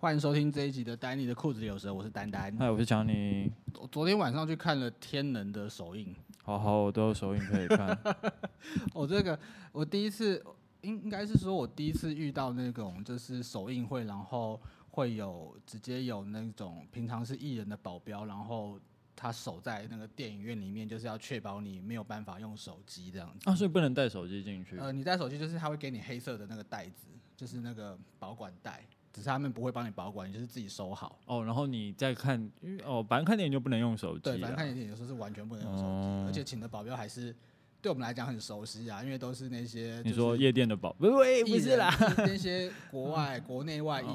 歡迎收聽這一集的丹尼的褲子有蛇，我是丹丹。嗨，我是強尼。我昨天晚上去看了《天能》的首映。好好，我都有首映可以看。我、 哦、這個，我第一次，應該是說我第一次遇到那種，就是首映會，然後會有直接有那種，平常是藝人的保鏢，然後他守在那個電影院裡面，就是要確保你沒有辦法用手機這樣子。啊，所以不能帶手機進去？呃，你帶手機就是他會給你黑色的那個袋子，就是那個保管袋。只是他們不會幫你保管，你就是自己收好哦。然後你再看，因為哦，反正看電影就不能用手機，對，反正看電影的時候是完全不能用手機，哦，而且請的保鏢還是。對我們來講很熟悉啊，因為都是那些你說夜店的保，不是不是啦，那些國外國內外藝人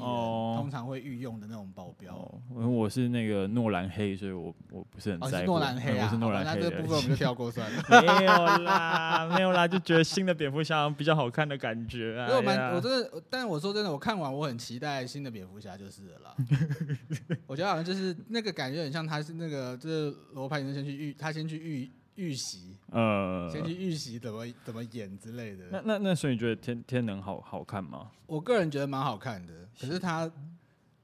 通常會御用的那種保鏢。因為、哦、我是那個諾蘭黑，所以我我不是很在意我、哦、是諾蘭黑啊，嗯、我是諾蘭黑的、啊，這部分我們就跳過算了。 沒有啦，沒有啦，就覺得新的蝙蝠俠比較好看的感覺啊、哎。我們我真的，但我說真的，我看完我很期待新的蝙蝠俠就是了啦。 我覺得好像就是那個感覺很像，他是那個就是羅拍先，先去御，他先去御。預習，呃，先去預習怎麼怎麼演之類的。那那那，那那所以你覺得天，天，《天能》好好看嗎？我個人覺得蠻好看的，可是他，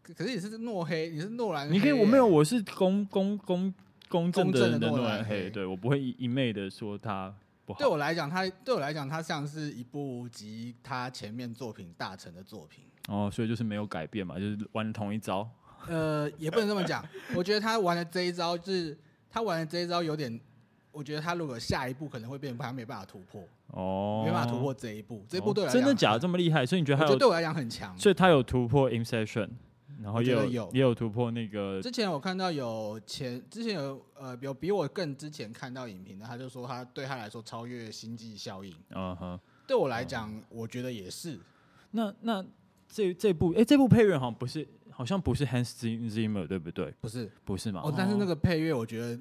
是可是也是諾黑，也是諾蘭。你可以我沒有，我是公公公公正的諾蘭黑，黑對我不會一一昧的說他不好。對，我來講，他對我來講，他像是一部集他前面作品大成的作品。哦，所以就是沒有改變嘛，就是玩同一招。呃，也不能這麼講。 我覺得他玩的這一招，就是他玩的這一招有點。我覺得他如果下一步可能會變，他沒辦法突破哦，oh, 沒辦法突破這一步。這一步對我來、喔、真的假的這麼厲害？所以你覺得他有？我對我來講很強。所以他有突破 Inception，然後又也，也有突破那個。之前我看到有前之前有呃有比我更之前看到影評的，他就說他對他來說超越《星際效應》啊、uh huh, 對我來講，uh huh. 我覺得也是。那那這這部哎、欸、這部配樂好像不是，好像不是 Hans Zimmer 對不對？不是不是嘛哦、喔，但是那個配樂我覺得。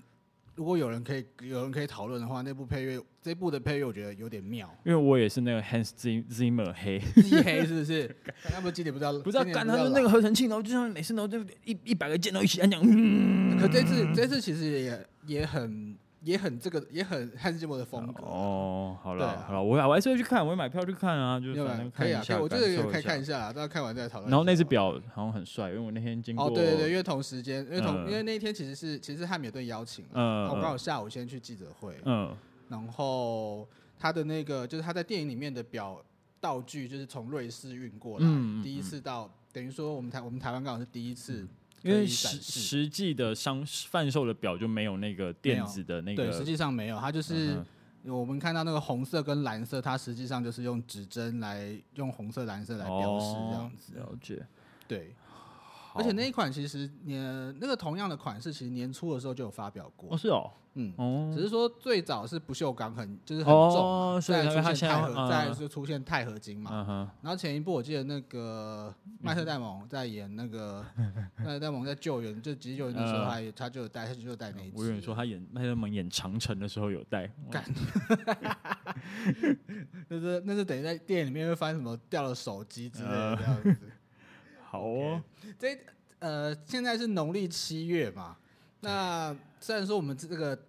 如果有人可以有人可以討論的話，那部配樂這部的配樂，我覺得有點妙。因為我也是那個 Hans Zimmer 黑、hey，黑、yeah，是不是？ 剛剛不，不知道不知道幹，他們幹那個合成器，然後就像每次都就一一百個鍵都一起按嗯，可這次、嗯、這次其實也也很。也很這個，也很漢斯季默的風格哦。好了，好了，我我還是會去看，我會買票去看啊。就是可以啊，我這個也可以看一下，大家看完再討論。然後那只表好像很帥，因為我那天經過。哦，對對對，因為同時間，因為同因為那一天其實是其實漢米爾頓邀請，我剛好下午先去記者會。嗯。然後他的那個就是他在電影裡面的表道具，就是從瑞士運過來，第一次到，等於說我們台我們台灣剛好是第一次。因為實實際的商販售的表就沒有那個電子的那個，對，實際上沒有，它就是我們看到那個紅色跟藍色，它實際上就是用指針來用紅色藍色來表示這樣子，了解？對，而且那一款其實年那個同樣的款式，其實年初的時候就有發表過。哦，是哦。嗯，只是說最早是不鏽鋼，很就是很重，再出現鈦合，再是出現鈦合金嘛。然後前一部我記得那個麥特戴蒙在演，那個麥特戴蒙在救援，就急救的時候，他他就戴，他就戴那。我以為說他演，麥特戴蒙演長城的時候有戴，幹，那是那是等於在電影裡面會發現什麼掉了手機之類的這樣子。好哦，這呃現在是農曆七月嘛。那雖然說我們這個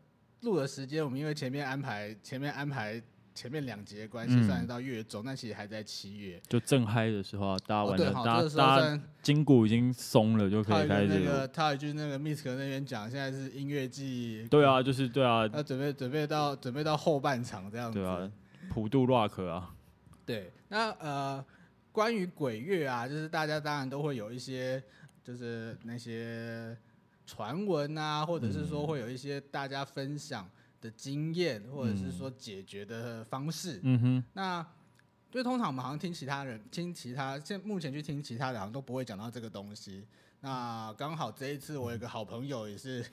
錄的時間，我們因為前面安排前面安排前面兩集的關係，嗯、算是到月中，但其實還在七月，就正嗨的時候，啊，大家玩的，哦、大家筋骨已經鬆了，就可以開始。一句那個他就是那個 Misk 那邊講，現在是音樂季，對啊，就是對啊，那、啊、準備準備到準備到後半場這樣子。對啊，普渡 Rock 啊。對，那呃，關於鬼月啊，就是大家當然都會有一些，就是那些。傳聞啊，或者是說會有一些大家分享的經驗，或者是說解決的方式。嗯哼。那對，通常我們好像聽其他人聽其他現目前去聽其他人，好像都不會講到這個東西。那剛好這一次我有一個好朋友也是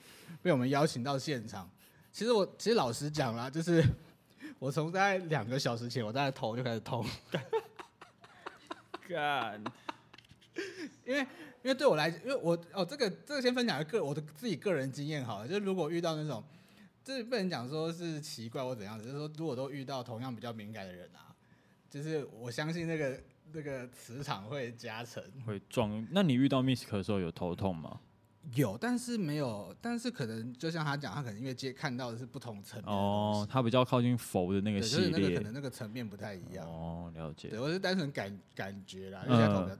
被我們邀請到現場。其實我其實老實講啦，就是我從大概兩個小時前，我大概頭就開始痛。幹， God. 因為。因為對我來，因為我哦，這個這個先分享一個我的自己個人經驗好了，就是如果遇到那種，這、就是、不能講說是奇怪或怎樣的，就是說如果都遇到同樣比較敏感的人啊，就是我相信那個那個磁場會加成，會撞。那你遇到 Misk 的時候有頭痛嗎？嗯有，但是沒有，但是可能就像他講，他可能因為接看到的是不同層面哦，他比較靠近佛的那個系列，對就是、那個可能那個層面不太一樣。哦，了解。對，我是單純感感覺啦，而且他頭比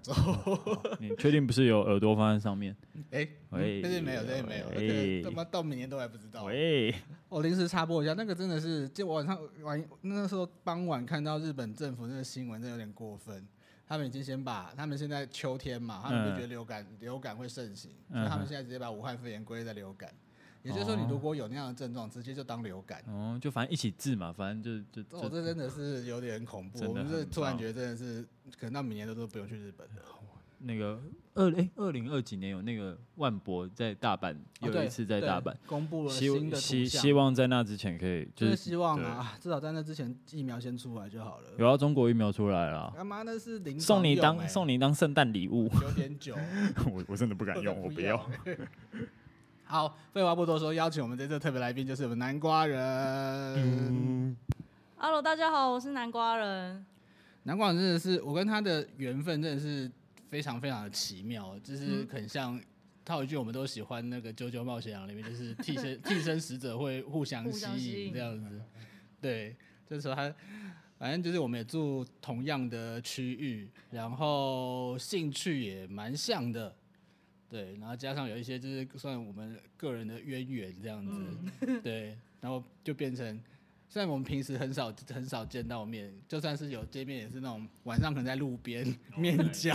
較重。你確定不是有耳朵放在上面？哎、欸，確定喂、嗯、沒有，確定沒有，而且他媽到明年都還不知道。喂，我臨時插播一下，那個真的是就我晚上晚那時候傍晚看到日本政府那個新聞，那有點過分。他們已經先把他們現在秋天嘛，他們就覺得流感、嗯、流感會盛行，嗯、所以他們現在直接把武漢肺炎歸在流感。也就是說，你如果有那樣的症狀，哦、直接就當流感，哦，就反正一起治嘛，反正就就。我、哦、這真的是有點恐怖，我們是突然覺得真的是可能到明年都都不用去日本了。那個二零二零二幾年有那個，萬博在大阪，有一次在大阪公布了新的圖，希、希望在那之前可以，就是希望啊，對至少在那之前疫苗先出來就好了。有啊，中國疫苗出來了。他媽、啊、那是零、欸、送你當送你當聖誕禮物，9點9 我我真的不敢用，我不，我不要。 好，廢話不多說，邀請我們這次特別來賓就是我們南瓜人。嗯、Hello，大家好，我是南瓜人。南瓜人真的是我跟他的緣分，真的是。非常非常的奇妙，就是很像、嗯、套一句，我們都喜歡那個《啾啾冒險王》裡面，就是替身 替身使者會互相吸引這樣子。對，就是說他，反正就是我們也住同樣的區域，然後興趣也蠻像的，對，然後加上有一些就是算我們個人的淵源這樣子，嗯、對，然後就變成。雖然我們平時很少很少見到面，就算是有見面，也是那種晚上可能在路邊面交，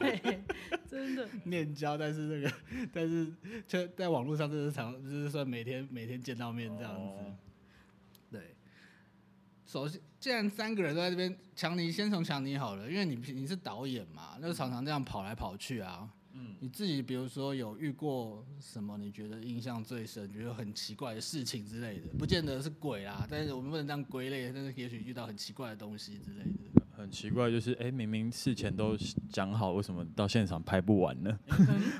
對，真的面交，但是那個但是卻在網絡上就是常就是說，每天每天見到面這樣子。Oh、對，首先既然三個人都在這邊，強尼先從強尼好了，因為你你是導演嘛，那就常常這樣跑來跑去啊。嗯，你自己比如說有遇過什麼？你覺得印象最深、覺得很奇怪的事情之類的，不見得是鬼啊，但是我們不能這樣歸類。但是也許遇到很奇怪的東西之類的。很奇怪，就是哎、欸，明明事前都講好，為什麼到現場拍不完呢？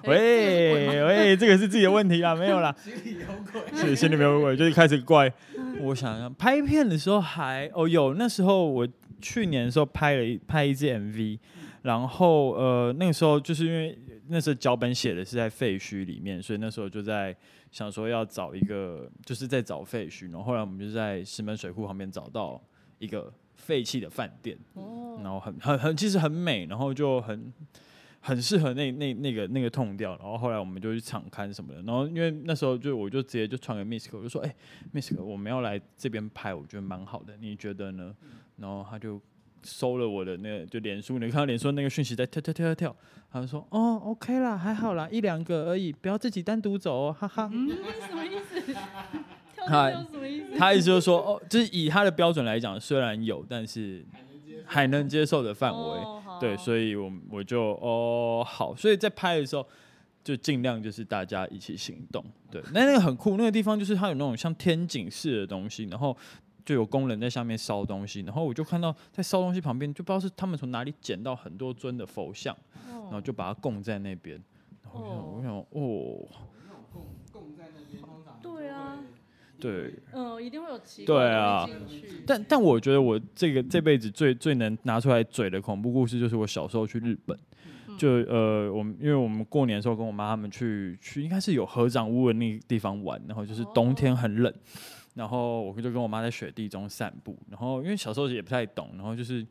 喂，喂、欸、這個是自己的問題啊，沒有啦，心裡有鬼，是心裡沒有鬼，就是開始怪。 我想想，拍片的時候還哦有那時候我去年的時候拍了一拍一支 MV。然後呃，那個時候就是因為那時候腳本寫的是在廢墟裡面，所以那時候就在想說要找一個，就是在找廢墟。然後後來我們就在石門水庫旁邊找到一個廢棄的飯店，嗯、然後很很很其實很美，然後就很很適合那那那個那個痛調。然後後來我們就去場勘什麼的。然後因為那時候就我就直接就傳給 Miss 可我就說：“哎，Miss 可我們要來這邊拍，我覺得蠻好的，你覺得呢？”嗯、然後他就。搜了我的那個，就臉書，你看到臉書那個訊息在跳跳跳跳，他們說哦，OK 啦，還好啦，一兩個而已，不要自己單獨走哦，哈哈。嗯，什麼意思？ 跳跳跳什麼意思？他意思就是說哦，就是以他的標準來講，雖然有，但是還能接受的範圍，對，所以我我就哦好，所以在拍的時候就盡量就是大家一起行動，對。那那個很酷，那個地方就是它有那種像天井式的東西，然後。就有工人在下面燒東西，然後我就看到在燒東西旁邊，就不知道是他們從哪裡撿到很多尊的佛像，oh. 然後就把它供在那邊。哦，我想哦、oh. oh.，供在那邊，那邊都會，對啊，對，嗯、呃，一定會有奇怪的興趣、對啊、但但我覺得我這個這輩子最最能拿出來嘴的恐怖故事，就是我小時候去日本，嗯、就呃，我們因為我們過年的時候跟我媽他們去去，應該是有合掌屋的那個地方玩，然後就是冬天很冷。Oh. 然後我就跟我媽在雪地中散步，然後因為小時候也不太懂，然後就是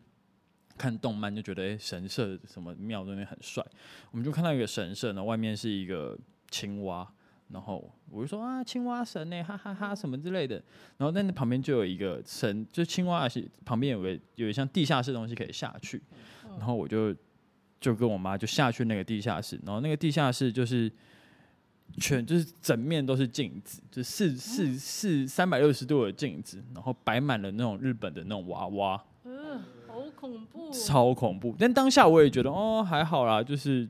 看動漫就覺得欸神社什麼廟裡面很帥，我們就看到一個神社，然後外面是一個青蛙，然後我就說啊青蛙神呢、欸，哈，哈哈哈什麼之類的，然後那旁邊就有一個神，就青蛙是旁邊有個有一像地下室的東西可以下去，然後我就就跟我媽就下去那個地下室，然後那個地下室就是。全就是整面都是鏡子，就是四四四三百六十度的鏡子，然後擺滿了那種日本的那種娃娃，嗯，好恐怖，哦，超恐怖。但當下我也覺得哦還好啦，就是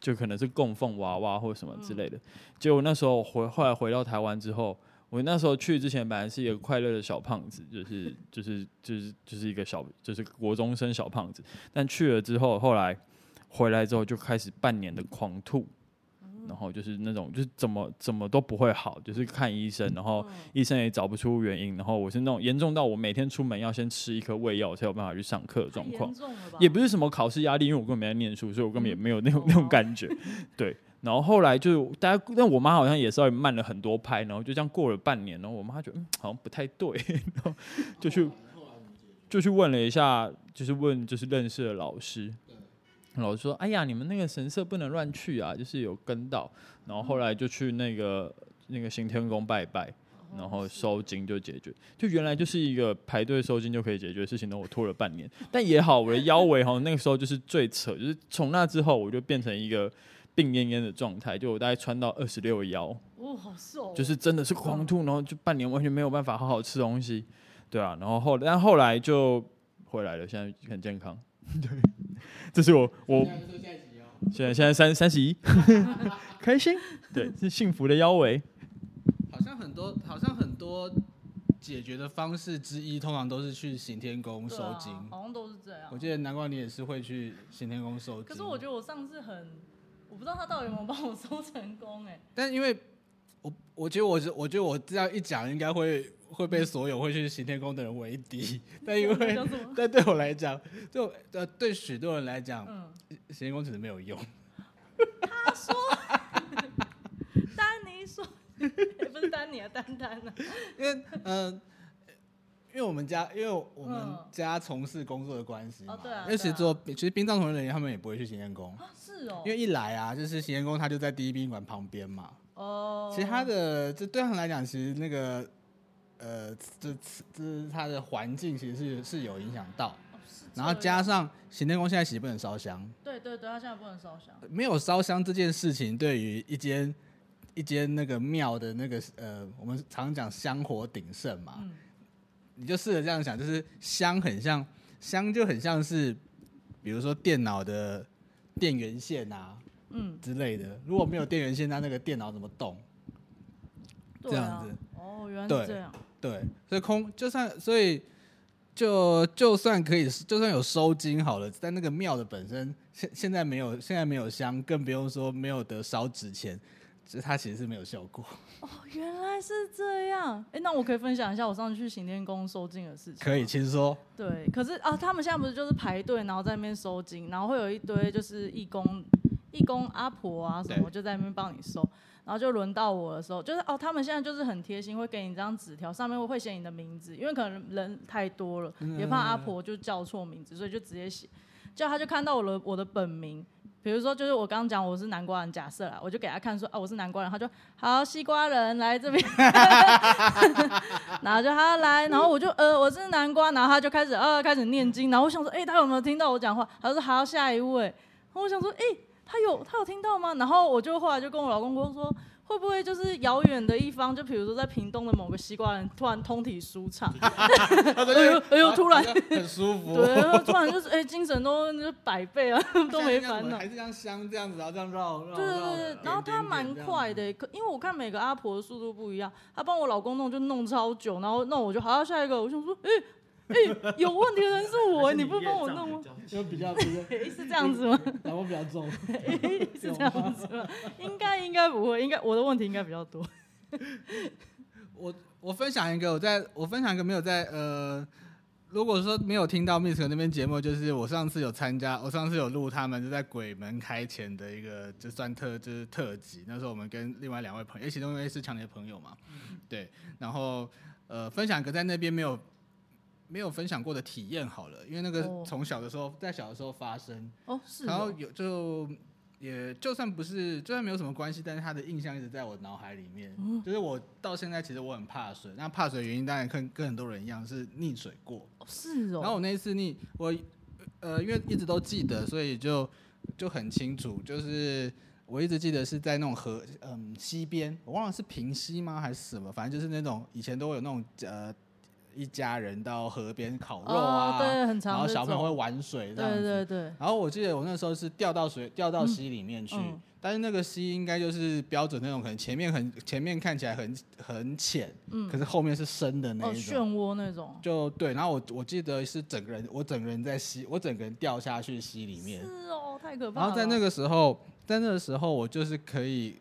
就可能是供奉娃娃或什麼之類的。嗯，結果那時候回後來回到台灣之後，我那時候去之前本來是一個快樂的小胖子，就是就是就是就是一個小就是國中生小胖子，但去了之後後來回來之後就開始半年的狂吐。然後就是那種，就是怎麼怎麼都不會好，就是看醫生，然後醫生也找不出原因，然後我是那種嚴重到我每天出門要先吃一顆胃藥才有辦法去上課的狀況，也不是什麼考試壓力，因為我根本沒在念書，所以我根本也沒有那種哦哦那種感覺。對，然後後來就是大家，但我媽好像也稍微慢了很多拍，然後就這樣過了半年，然後我媽覺得、嗯、好像不太對，然後就去就去問了一下，就是問就是認識的老師。老師說：“哎呀，你們那個神社不能亂去啊，就是有跟到。然後後來就去那個那個行天宮拜拜，然後收驚就解決。就原來就是一個排隊收驚就可以解決的事情，都我拖了半年。但也好，我的腰圍好像，那個時候就是最扯，就是從那之後我就變成一個病懨懨的狀態，就我大概穿到二十六腰。哦，好瘦哦，就是真的是狂吐，然後就半年完全沒有辦法好好吃東西，對啊。然後後但後來就回來了，現在很健康，對。”這是我我現在現在三三十一。 開心，對是幸福的腰圍。好像很多好像很多解決的方式之一，通常都是去行天宮收驚，啊，好像都是這樣。我記得難怪你也是會去行天宮收驚。可是我覺得我上次很，我不知道他到底有沒有幫我收成功，哎、欸。但因為。我我覺得我我覺得我這樣一講，應該會會被所有會去行天宮的人為敵。但因為、嗯、但對我來講，就呃對許多人來講，嗯、行天宮只是沒有用。他說， 丹尼說、欸，不是丹尼啊，丹丹啊。因為嗯、呃，因為我們家因為我們家從事工作的關係，哦對啊。做、啊、其實殯葬從業人員他們也不會去行天宮、哦、是哦。因為一來啊，就是行天宮他就在第一殯儀館旁邊嘛。哦，oh, 其他的這對他來講，其實那個呃，這這他的環境其實是是有影響到，oh, 然後加上行天宮現在其實不能燒香，對對對，他現在不能燒香。沒有燒香這件事情對於，對於一間一間那個廟的那個呃，我們常常講香火鼎盛嘛，嗯、你就試着這樣想，就是香很像香就很像是，比如說電腦的電源線啊。嗯，之類的。如果沒有電源線，那那個電腦怎麼動？對啊，這樣子哦，原來是這樣。對，對，所以空就算，所以就就算可以，就算有收金好了，但那個廟的本身現現在沒有，現在沒有香，更不用說沒有得燒紙錢，就它其實是沒有效果。哦，原來是這樣。哎、欸，那我可以分享一下我上次去行天宮收金的事情。可以，請說。對，可是啊，他們現在不是就是排隊，然後在那邊收金，然後會有一堆就是義工。義工阿婆啊什麼就在那邊幫你收，對然後就輪到我的時候，就是哦他們現在就是很貼心，會給你張紙條，上面會會寫你的名字，因為可能人太多了，也怕阿婆就叫錯名字，所以就直接寫，叫他就看到我的我的本名，比如說就是我剛剛講我是南瓜人，假設啦，我就給他看說啊我是南瓜人，他就好，西瓜人來這邊， 然後就他來，然後我就呃我是南瓜，然後他就開始呃開始念經，然後我想說哎、欸、他有沒有聽到我講話？他說好、啊、下一位，然後我想說哎。欸他有他有聽到嗎？然後我就後來就跟我老公說，會不會就是遙遠的一方，就比如說在屏東的某個西瓜人，突然通體舒暢 哎。哎呦哎呦，突然很舒服。 對，然後突然就是哎、欸，精神都百倍啊，都沒煩惱。還是像香這樣子啊，然後這樣繞。對對對對，然後他蠻快的，可因為我看每個阿婆的速度不一樣，他幫我老公弄就弄超久，然後弄我就還要、啊、下一個，我想說哎。欸哎、欸，有問題的人是我、欸，是你，你不幫我弄嗎？就比較、欸，是這樣子嗎？我、欸、比較重、欸，是這樣子嗎？嗎應該應該不會，應該我的問題應該比較多。我我分享一個，我在我分享一個沒有在呃，如果說沒有聽到 miss 那邊節目，就是我上次有參加，我上次有錄他們就在鬼門開前的一個，就算特就是特輯，那時候我們跟另外兩位朋友，其中一位是強烈的朋友嘛，對，然後呃分享一個在那邊沒有。沒有分享過的體驗好了，因為那個從小的時候，oh. 在小的時候發生，oh, 是哦是，然後有就也就算不是，就算沒有什麼關係，但是他的印象一直在我腦海裡面。嗯，oh. 就是我到現在其實我很怕水，那怕水原因當然跟跟很多人一樣是溺水過，oh, 是、哦、然後我那一次溺我呃，因為一直都記得，所以就就很清楚，就是我一直記得是在那種河嗯、呃、溪邊，我忘了是平溪嗎還是什麼，反正就是那種以前都有那種呃。一家人到河邊烤肉啊，oh, 對，很常然後小朋友會玩水，這樣子。對對對。然後我記得我那時候是掉到水，掉到溪裡面去，嗯嗯、但是那個溪應該就是標準那種，可能前面很前面看起來很很淺，嗯、可是後面是深的那一種。哦、漩渦那種。就對，然後我我記得是整個人，我整個人在溪，我整個人掉下去溪裡面。是哦，太可怕了。然後在那個時候，在那個時候，我就是可以。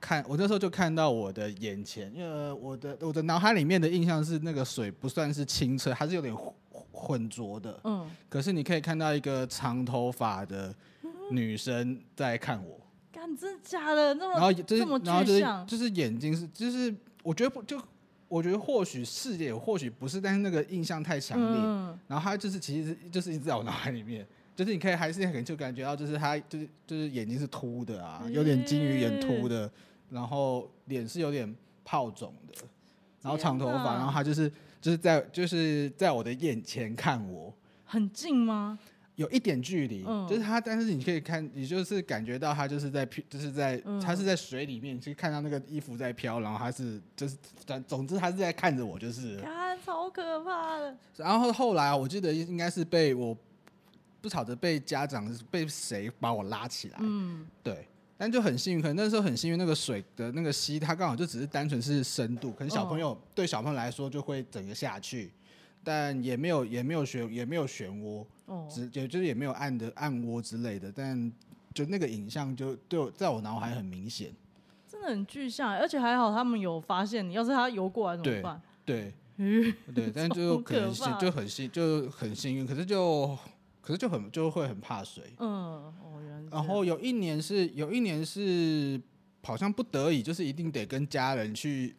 看，我這時候就看到我的眼前，因為、呃、我的我的腦海裡面的印象是那個水不算是清澈，還是有點混濁的。嗯。可是你可以看到一個長頭髮的女生在看我。幹、嗯，真的假的？那麼，然後就是，然後就是，就是眼睛是，就是我覺得不就，我覺得或許是也，或許不是，但是那個印象太強烈。嗯。然後他就是，其實就是一直在我腦海裡面。就是你可以還是很就感覺到，就是他就是就是眼睛是凸的啊，有點金魚眼凸的，然後臉是有點泡腫的，然後長頭髮，然後他就是就是在就是在我的眼前看我，很近嗎？有一點距離，就是他，但是你可以看，你就是感覺到他就是在就是在他是在，他是在水裡面，其實看到那個衣服在飄，然後他是就是總總之他是在看着我，就是啊，超可怕的。然後後來我記得應該是被我。不吵着被家長被誰把我拉起來？嗯，對，但就很幸運，可能那時候很幸運，那個水的那個溪，它剛好就只是單純是深度，可能小朋友對小朋友來說就會整個下去，哦、但也沒有也沒有旋也沒有漩渦，哦、只也就是也沒有暗的暗窩之類的，但就那個影像就就在我腦海很明顯，真的很具象、欸，而且還好，他們有發現你，要是他游過來怎麼辦？對對，但就可,可能就很幸運就很幸運，可是就。可是就很就會很怕水，嗯，然後有一年是有一年是好像不得已就是一定得跟家人去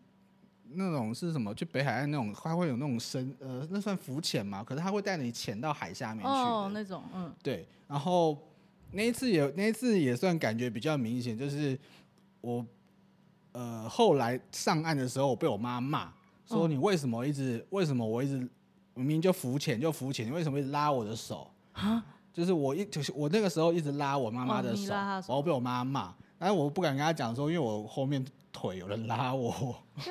那種是什麼？就北海岸那種，他會有那種深呃，那算浮潛嘛？可是他會帶你潛到海下面去，哦，那種，嗯，對。然後那一次也那一次也算感覺比較明顯，就是我呃後來上岸的時候，我被我媽罵說你為什麼一直為什麼我一直明明就浮潛就浮潛，你為什麼一直拉我的手？蛤就是我一就是我那個時候一直拉我媽媽的手，哦、的手然後被我媽媽罵，但是我不敢跟她講說，因為我後面腿有人拉我。啊、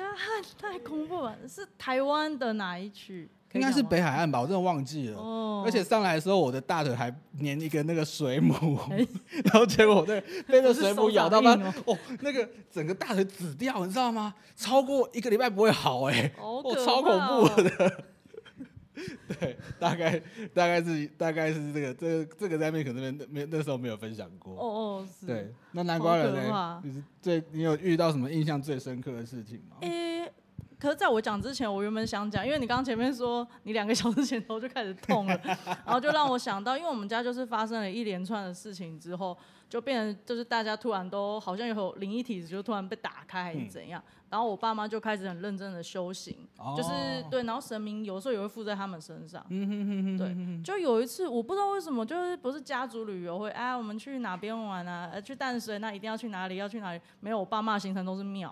太恐怖了！是台灣的哪一區？應該是北海岸吧，我真的忘記了。哦、而且上來的時候，我的大腿還黏一個那個水母，欸、然後結果被、那個、那個水母咬到嗎？哦，哦，那個整個大腿紫掉，你知道嗎？超過一個禮拜不會好哎、欸，我、哦哦、超恐怖的。哦 對，大概大概是大概是這個這這個在麥克那沒那那時候沒有分享過哦哦，是，對，那南瓜人呢？你是最你有遇到什麼印象最深刻的事情嗎？誒、欸，可是在我講之前，我原本想講，因為你剛剛前面說你兩個小時前頭就開始痛了， 然後就讓我想到，因為我們家就是發生了一連串的事情之後。就變成就是大家突然都好像有靈異體質，就突然被打開還是怎樣。然後我爸媽就開始很認真的修行，就是對。然後神明有時候也會附在他們身上，對。就有一次我不知道為什麼，就是不是家族旅遊會哎，我們去哪邊玩啊？去淡水那一定要去哪裡？要去哪裡？沒有我爸媽行程都是廟。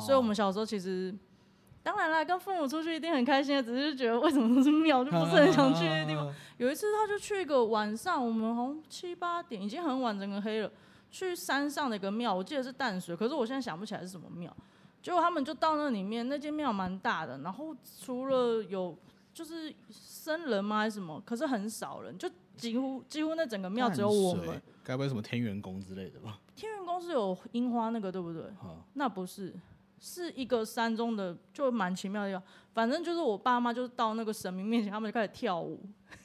所以我們小時候其實。當然了，跟父母出去一定很開心，只是覺得為什麼這是廟，就不是很想去那地方。有一次，他就去一個晚上，我們好像七八點已經很晚，整個黑了，去山上的一個廟，我記得是淡水，可是我現在想不起來是什麼廟。結果他們就到那裡面，那間廟蠻大的，然後除了有就是僧人嗎還是什麼，可是很少人，就幾乎幾乎那整個廟只有我們。該不會什麼天元宮之類的吧？天元宮是有櫻花那個對不對？哦，那不是。是一個山中的，就蠻奇妙的地方。反正就是我爸媽就是到那個神明面前，他們就開始跳舞，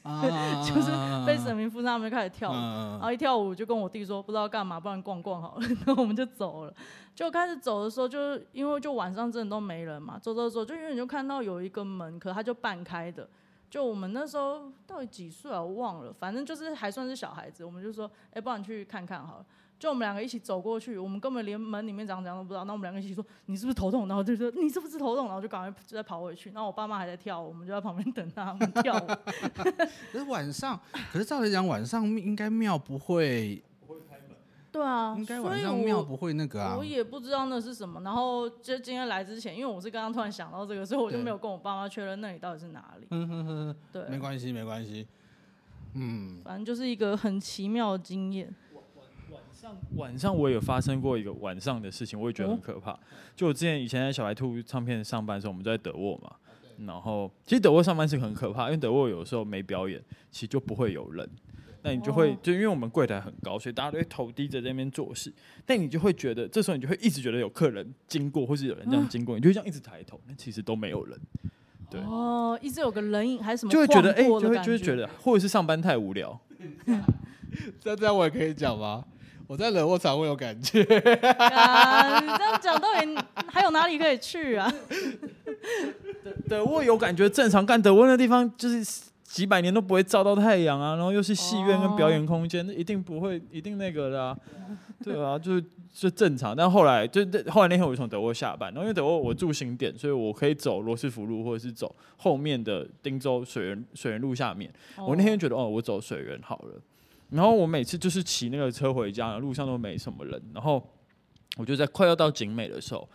就是被神明附上，他們就開始跳。然後一跳舞，就跟我弟說不知道幹嘛，不然逛逛好了。然後我們就走了，就開始走的時候，就是因為就晚上真的都沒人嘛，走走走，就遠遠就看到有一個門，可它就半開的。就我們那時候到底幾歲啊？我忘了，反正就是還算是小孩子，我們就說，哎，不然你去看看好了。就我們兩個一起走過去，我們根本連門裡面長怎，怎樣都不知道。那我們兩個一起說：“你是不是頭痛？”然後我就說：“你是不是頭痛？”然後我就趕快就在跑回去。然後我爸媽還在跳，我們就在旁邊等他們跳舞。 可是晚上，可是照理講晚上應該廟不會。不會開門。對啊，應該晚上廟不會那個啊我。我也不知道那是什麼。然後就今天來之前，因為我是剛剛突然想到這個，所以我就沒有跟我爸媽確認那裡到底是哪裡。嗯哼哼，對沒關係，沒關係，沒關係。嗯，反正就是一個很奇妙的經驗。晚上我也有發生過一個晚上的事情，我也覺得很可怕。哦、就我之前以前在小白兔唱片上班的時候，我們就在德沃嘛。啊、然後其實德沃上班是很可怕，因為德沃有的時候沒表演，其實就不會有人。那對你就會、哦、就因為我們櫃檯很高，所以大家都會頭低着在那邊做事。但你就會覺得，這時候你就會一直覺得有客人經過，或是有人這樣經過，啊、你就會這樣一直抬頭。那其實都沒有人。對哦，一直有個人影還是什麼的感覺，就會覺得哎，就會、就是、覺得，或者是上班太無聊。 這樣我也可以講嗎？我在德沃才會有感覺。啊，你這樣講到底還有哪裡可以去啊？德沃 有感覺，正常干德沃的地方就是幾百年都不會照到太陽啊，然後又是戲院跟表演空間，那、oh. 一定不會，一定那個的、啊，對啊，就是是正常，但後來就、就後來那天我就從德沃下班，然後因為德沃我住新店，所以我可以走羅斯福路，或者是走後面的汀州水源、水源路下面。Oh. 我那天覺得哦，我走水源好了。然後我每次就是騎那個車回家，路上都沒什麼人。然後我就在快要到景美的時候，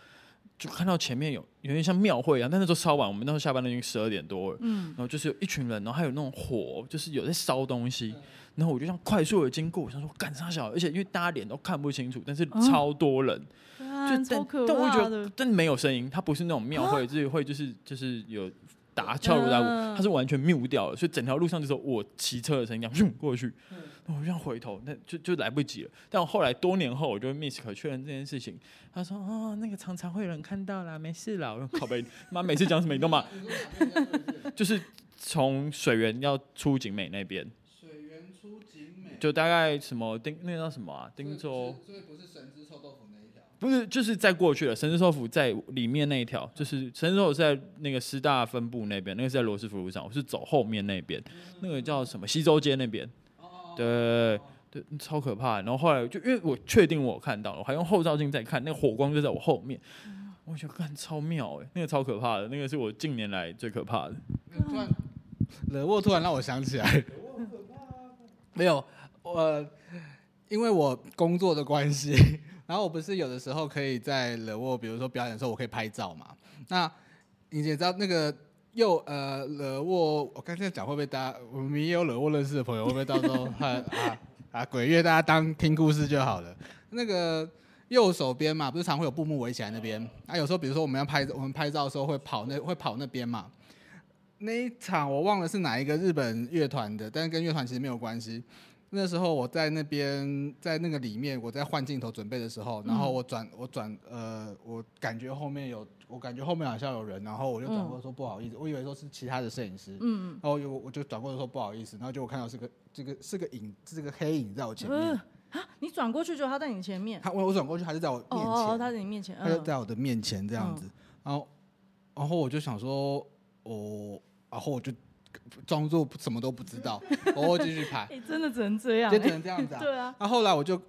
就看到前面有有點像廟會一樣，但那時候超晚，我們那時候下班都已經十二點多了。嗯、然後就是有一群人，然後還有那種火，就是有在燒東西。嗯、然後我就像快速的經過，我想說幹啥小，而且因為大家臉都看不清楚，但是超多人，嗯、就但對但、嗯、我覺得真沒有聲音，它不是那種廟會，這、啊、會就是就是有打敲鑼打鼓，它是完全 mute 掉了，所以整條路上就是我騎車的聲音這樣，咻過去。嗯我想回頭，那就就來不及了。但我後來多年後，我就 miss 可確認這件事情。他說：“哦，那個常常會有人看到啦，沒事啦。 我靠北”我用拷貝。媽，每次講什麼 你都罵。就是從水源要出景美那邊。水源出景美。就大概什麼丁，那個叫什麼啊？汀州。所以，所以不是神之臭豆腐那一條。不是，就是再過去了。神之臭豆腐在裡面那一條，就是神之臭是在那個師大分部那邊，那個是在羅斯福路上，我是走後面那邊，嗯，那個叫什麼西周街那邊。對對，對，超可怕。然後後來就因為我確定我看到了，我還用後照鏡再看，那個火光就在我後面。我覺得，看超妙哎、欸，那個超可怕的，那個是我近年來最可怕的。突然，冷沃突然讓我想起來。啊、沒有，我因為我工作的關係，然後我不是有的時候可以在冷沃，比如說表演的時候，我可以拍照嘛。那你也知道那個？又呃，惹我，我剛才講會不會大家，我們也有惹我認識的朋友會，不會到時候喊 啊啊鬼月大家當聽故事就好了。那個右手邊嘛，不是常,常會有布幕圍起來那邊，啊，有時候比如說我們要拍，我們拍照的時候會跑那會跑那邊嘛。那一場我忘了是哪一個日本樂團的，但是跟樂團其實沒有關係。那時候我在那邊，在那個裡面，我在換鏡頭準備的時候，然後我轉我轉呃，我感覺後面有。我感覺後面好像有人，然後我就轉過來說不好意思，嗯、我以為說是其他的攝影師，嗯嗯，然後我就轉過來說不好意思，然後結果我看到是個這個是個影，這個黑影在我前面啊，你轉過去就他在你前面，他我我轉過去還是在我面前哦哦哦，他在你面前，他就在我的面前這樣子，嗯、然後然後我就想說哦，然後我就裝作什麼都不知道， 然後我繼續拍、欸，真的只能這樣、欸，只能這樣子、啊，對啊，然後後來我就。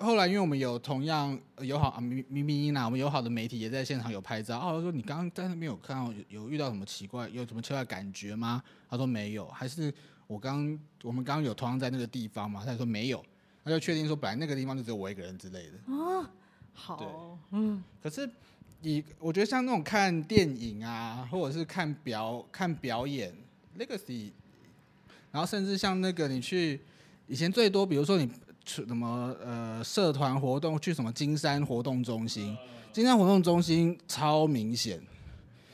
後來，因為我們有同樣友、呃、好啊，咪咪咪啦，我們友好的媒體也在現場有拍照。哦、啊，說你剛剛在那邊有看到有，到有遇到什麼奇怪，有什麼奇怪的感覺嗎？他說沒有。還是我剛，我們剛剛有同樣在那個地方嘛？他說沒有。他就確定說，本來那個地方就只有我一個人之類的。哦、啊，好。嗯。可是你，我覺得像那種看電影啊，或者是看表看表演，Legacy，然後甚至像那個你去以前最多，比如說你。什麼呃社團活動去什麼金山活動中心？金山活動中心超明顯，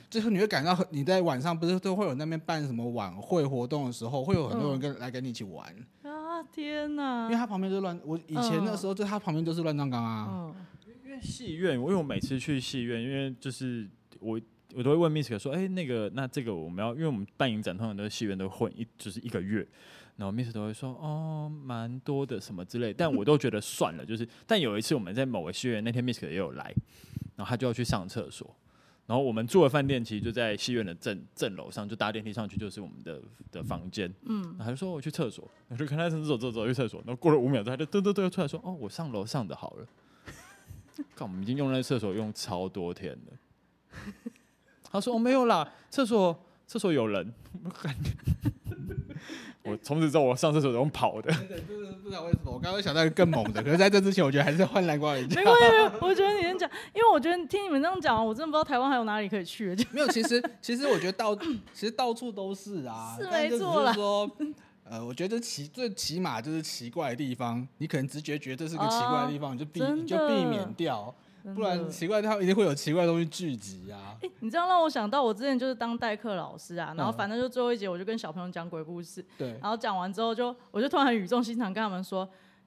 最後你會感到你在晚上不是都會有那邊辦什麼晚會活動的時候，會有很多人跟來、嗯、跟，跟你一起玩啊！天哪！因為他旁邊就亂，我以前的時候在他旁邊就是亂葬崗啊。嗯嗯、因為戲院，我因有我每次去戲院，因為就是我我都會問 Miss 書說，哎、欸，那個那這個我們要，因為我們辦影展通常都戲院都混一就是一個月。然後 Miss 都會說哦，蠻多的什麼之類，但我都覺得算了。就是，但有一次我們在某個戲院，那天 Miss 也有來，然後他就要去上廁所。然後我們住的飯店其實就在戲院的正正樓上，就搭電梯上去就是我們的的房間。嗯，然後他說我去廁所，我就看他走走走走去廁所。然後過了五秒，他就噔噔噔又出來說：“哦，我上樓上的好了。 ”看我們已經用了那個廁所用超多天了。他說：“我、哦、沒有啦，廁所廁所有人。”感覺 從此之後，我上廁所都用跑的。對對對。就是、不知道為什麼，我剛剛想到一個更猛的。可是在這之前，我覺得還是換南瓜來講。沒有沒有，我覺得你先講，因為我覺得聽你們這樣講，我真的不知道台灣還有哪裡可以去的。沒有，其實其實我覺得到 其實到處都是啊。是沒錯就是說呃，我覺得奇，最起碼就是奇怪的地方，你可能直覺覺得這是個奇怪的地方，啊、你就避的你就避免掉。不然奇怪，他們一定會有奇怪的東西聚集啊！哎、欸，你這樣讓我想到，我之前就是當代課老師啊，然後反正就最後一節，我就跟小朋友講鬼故事。對、嗯。然後講完之後就，就我就突然很語重心長跟他們說：“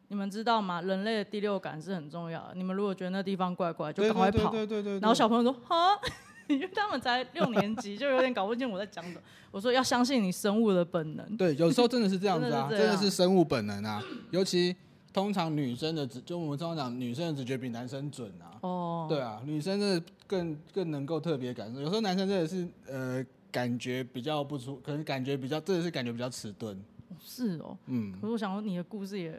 你們知道嗎？人類的第六感是很重要的。你們如果覺得那地方怪怪，就趕快跑。”對對對,對,對,對,對,對然後小朋友說：“哈， 因為他們才六年級，就有點搞不清我在講什麼。”我說：“要相信你生物的本能。”對，有時候真的是這樣子啊，真的,真的是生物本能啊，尤其。通常女生的直，就我們通常講，女生的直覺比男生準啊。哦。Oh. 對啊，女生是更更能夠特別感受，有時候男生真的是呃感覺比較不出，可能感覺比較，真的是感覺比較遲鈍。是哦、喔。嗯。可是我想說你的故事也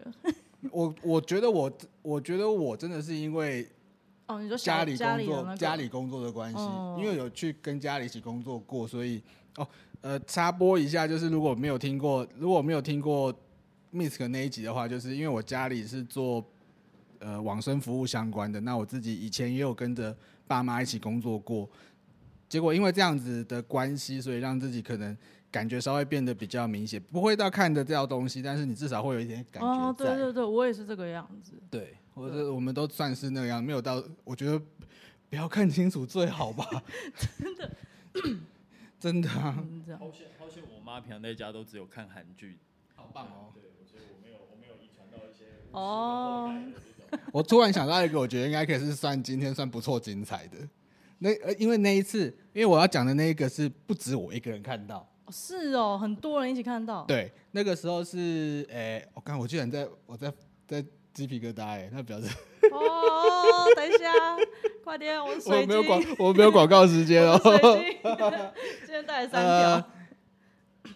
我，我我覺得我我覺得我真的是因為哦，你說家裡工作、oh, 家，裡那個、家裡工作的關係，oh. 因為有去跟家裡一起工作過，所以哦呃插播一下，就是如果沒有聽過如果沒有聽過。Miss 那一集的話，就是因為我家裡是做呃往生服務相關的。那我自己以前也有跟着爸媽一起工作過，結果因為這樣子的關係，所以讓自己可能感覺稍微變得比較明顯，不會到看的這樣東西，但是你至少會有一點感覺。哦，對對對，我也是這個樣子。對，我覺得我們都算是那個樣，沒有到，我覺得不要看清楚最好吧。 真的， 真的啊。好羨慕，好羨慕我媽平常在家都只有看韓劇，好棒哦。對哦、oh.，我突然想到一個，我覺得應該可以是算今天算不錯精彩的。那因為那一次，因為我要講的那一個，是不止我一個人看到。Oh, 是哦、喔，很多人一起看到。對，那個時候是，哎、欸，我、喔、剛我居然在，我在在雞皮疙瘩、欸，那表示。哦，等一下， 快點，我我沒有廣，我沒有廣告時間哦、喔 水， 今天帶來三條，uh,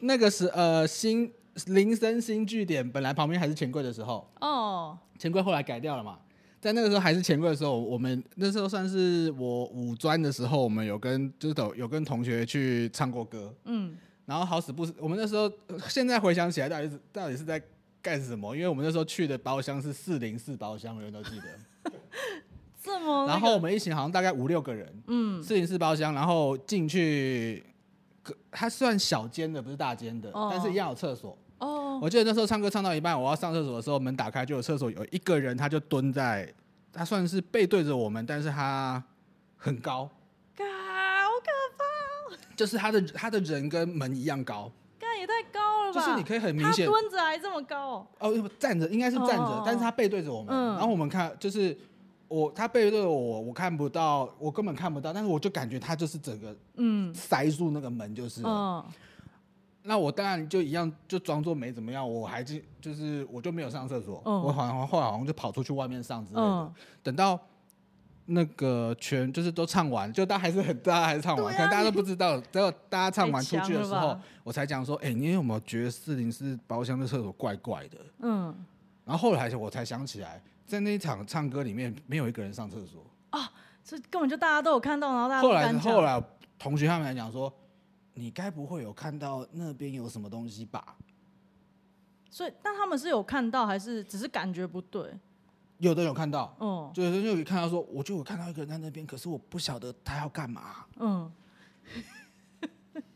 那個是呃新。林森新據點本來旁邊還是錢櫃的時候哦，錢櫃、oh. 後來改掉了嘛。在那個時候還是錢櫃的時候，我們那時候算是我五專的時候，我們有跟就是有跟同學去唱過歌，嗯。然後好死不死，我們那時候現在回想起來，到底是到底是在幹什麼？因為我們那時候去的包廂是四零四包廂，我們都記得。怎 麼、那個，然後我們一行好像大概五六個人，嗯，四零四包廂，然後進去可，它算小間的，不是大間的，oh. 但是一樣有廁所。哦，oh, 我記得那時候唱歌唱到一半，我要上廁所的時候，門打開就有廁所，有一個人，他就蹲在，他算是背對着我們，但是他很高，高，好可怕！就是他的他的人跟門一樣高，高也太高了吧？就是你可以很明顯，他蹲着還這麼高哦，哦、oh, 站着應該是站着，oh, oh. 但是他背對着我們，嗯、然後我們看就是我他背對着我，我看不到，我根本看不到，但是我就感覺他就是整個嗯塞住那個門就是。嗯 oh. 那我當然就一樣，就裝作沒怎麼樣，我還記，就是我就沒有上廁所，oh. 我好像後來好像就跑出去外面上之類的。Oh. 等到那個全就是都唱完，就大家還是很，大家，還是唱完，可能、啊、大家都不知道。你只有大家唱完出去的時候，我才講說：“哎、欸，你有沒有覺得四零四包廂的廁所怪怪的？”嗯，然後後來我才想起來，在那一場唱歌裡面，沒有一個人上廁所啊，這、oh, 根本就大家都有看到，然後大家後來後來同學他們來講說。你該不會有看到那邊有什麼東西吧？所以，但他們是有看到，還是只是感覺不對？有的有看到，嗯，就是有一看到說，我就有看到一個人在那邊，可是我不曉得他要幹嘛。嗯。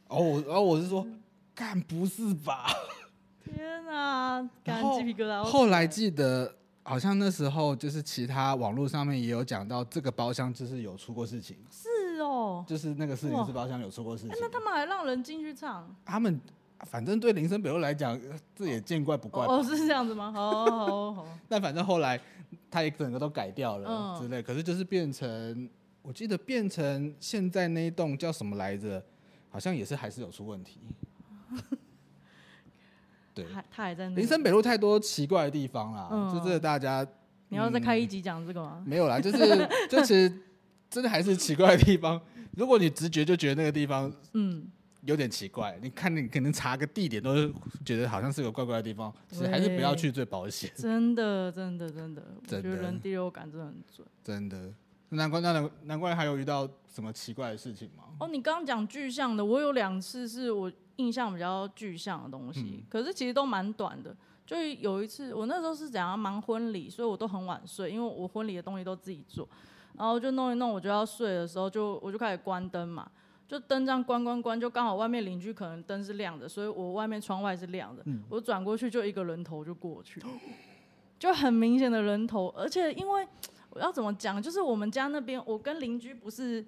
然後我，然後我是說，幹、嗯、不是吧？天哪、啊！ 然後後來記得，好像那時候就是其他網絡上面也有講到，這個包廂就是有出過事情。是。就是那個四零四包廂好像有出過事情，那他們還讓人進去唱？他們反正對林森北路來講，這也見怪不怪哦。哦，是這樣子嗎？好,哦好哦，好，好。那反正後來他也整個都改掉了之類，嗯、可是就是變成，我記得變成現在那一棟叫什麼來着？好像也是還是有出問題。 對，他還在、那個、林森北路太多奇怪的地方啦，嗯、就這大家。嗯、你要再開一集講這個嗎？沒有啦，就是就是。 真的還是奇怪的地方。如果你直覺就覺得那個地方，嗯，有點奇怪，嗯、你看你可能查個地點，都是覺得好像是個怪怪的地方。對其實還是不要去最保險。真的，真的，真的，真的，我覺得人第六感真的很準，真的。真的，難怪，難怪，難怪還有遇到什麼奇怪的事情嗎？哦，你剛剛講具象的，我有兩次是我印象比較具象的東西，嗯、可是其實都蠻短的。就有一次，我那時候是想要忙婚禮，所以我都很晚睡，因為我婚禮的東西都自己做。然後就弄一弄，我就要睡的時候，就我就開始關燈嘛，就燈這樣關關關，就剛好外面鄰居可能燈是亮的，所以我外面窗外是亮的，嗯、我轉過去就一個人頭就過去，就很明顯的人頭，而且因為我要怎麼講，就是我們家那邊我跟鄰居不是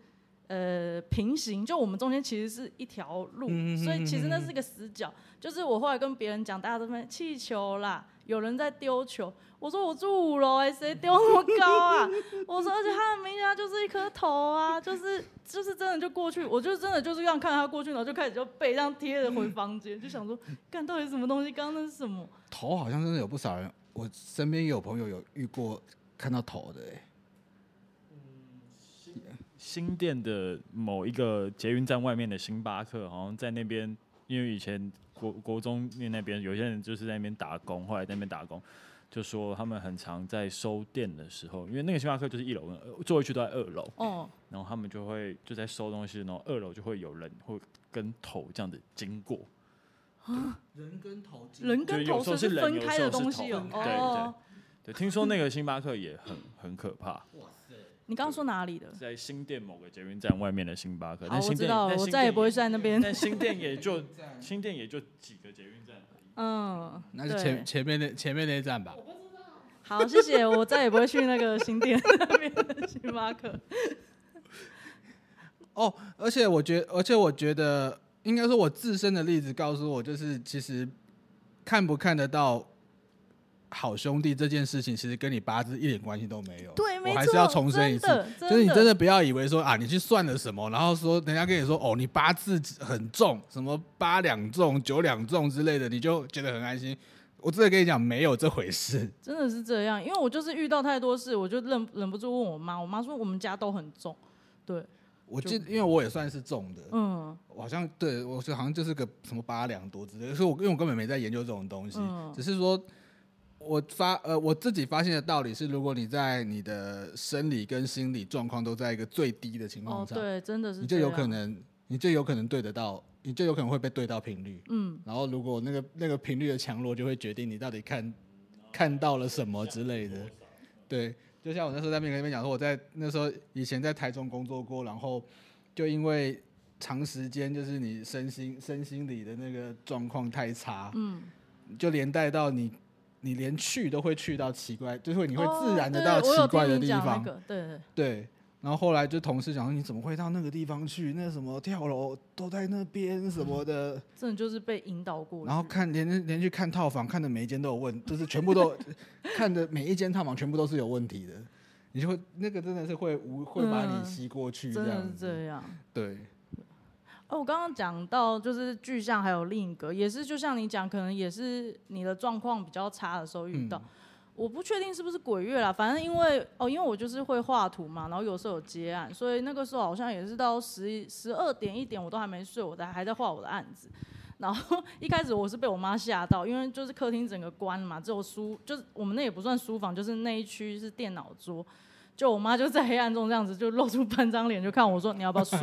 呃平行，就我們中間其實是一條路，嗯、哼所以其實那是一個死角，就是我後來跟別人講，大家都說氣球啦，有人在丟球。我說我住五樓，哎，誰丟那麼高啊？我說，而且他很明顯，就是一顆頭啊，就是就是真的就過去，我就真的就是這樣看他過去，然後就開始就背這樣貼着回房間，就想說，看到底什麼東西，剛剛那是什麼？頭好像真的有不少人，我身邊也有朋友有遇過看到頭的、欸嗯。啊、新店的某一個捷運站外面的星巴克，好像在那邊，因為以前國國中唸那邊，有些人就是在那邊打工，後來在那邊打工。就說他們很常在收店的時候，因為那個星巴克就是一樓，座位區都在二樓。哦。然後他們就會就在收東西，然後二樓就會有人會跟頭這樣的經過。人跟頭。人跟頭是分開的東西。對對對。聽說那個星巴克也很很可怕。哇塞！你剛剛說哪裡的？在新店某個捷運站外面的星巴克。好，我知道了，我再也不會在那邊。但新店也就新店也就幾個捷運站。嗯，那是前對前面，那前面那一站吧。好，謝謝，我再也不會去那個新店 那邊的星巴克。 哦，而且我覺，而且我覺得，覺得應該說我自身的例子告訴我，就是其實看不看得到好兄弟這件事情其實跟你八字一點關係都沒有，對，沒錯，我還是要重申一次，就是你真的不要以為說啊，你去算了什麼，然後說人家跟你說哦，你八字很重，什麼八兩重、九兩重之類的，你就覺得很安心。我真的跟你講，沒有這回事，真的是這樣。因為我就是遇到太多事，我就忍忍不住問我媽，我媽說我們家都很重，對，我記得，因為我也算是重的，嗯，我好像對我覺得好像就是個什麼八兩多之類的，我因為我根本沒在研究這種東西，嗯、只是說。我發呃，我自己發現的道理是，如果你在你的生理跟心理狀況都在一個最低的情況下，哦對，真的是你就有可能，你就有可能對得到，你就有可能會被對到頻率，嗯，然後如果那個那個頻率的強弱，就會決定你到底看看到了什麼之類的。對，就像我那時候在面跟你們講說，我在那時候以前在台中工作過，然後就因為長時間就是你身心身心理的那個狀況太差，嗯，就連帶到你。你連去都會去到奇怪，就會、是、你會自然的到奇怪的地方，oh, 對、那個、對，對，對，然後後來就同事講說，你怎麼會到那個地方去？那什麼跳樓都在那邊什麼的，嗯、真的就是被引導過。然後看連連連去看套房，看的每一間都有問，就是全部都 看的每一間套房全部都是有問題的。你就會那個真的是會無會把你吸過去，嗯、這樣子這樣。對。哦，我剛剛講到就是具象，還有另一個也是，就像你講，可能也是你的狀況比較差的時候遇到。嗯，我不確定是不是鬼月啦，反正因為哦，因為我就是會畫圖嘛，然後有時候有接案，所以那個時候好像也是到十一十二點一點我都還沒睡，我在還在畫我的案子。然後一開始我是被我媽嚇到，因為就是客廳整個關了嘛，只有書，就是我們那也不算書房，就是那一區是電腦桌。就我媽就在黑暗中這樣子，就露出半張臉，就看我說：“你要不要睡？”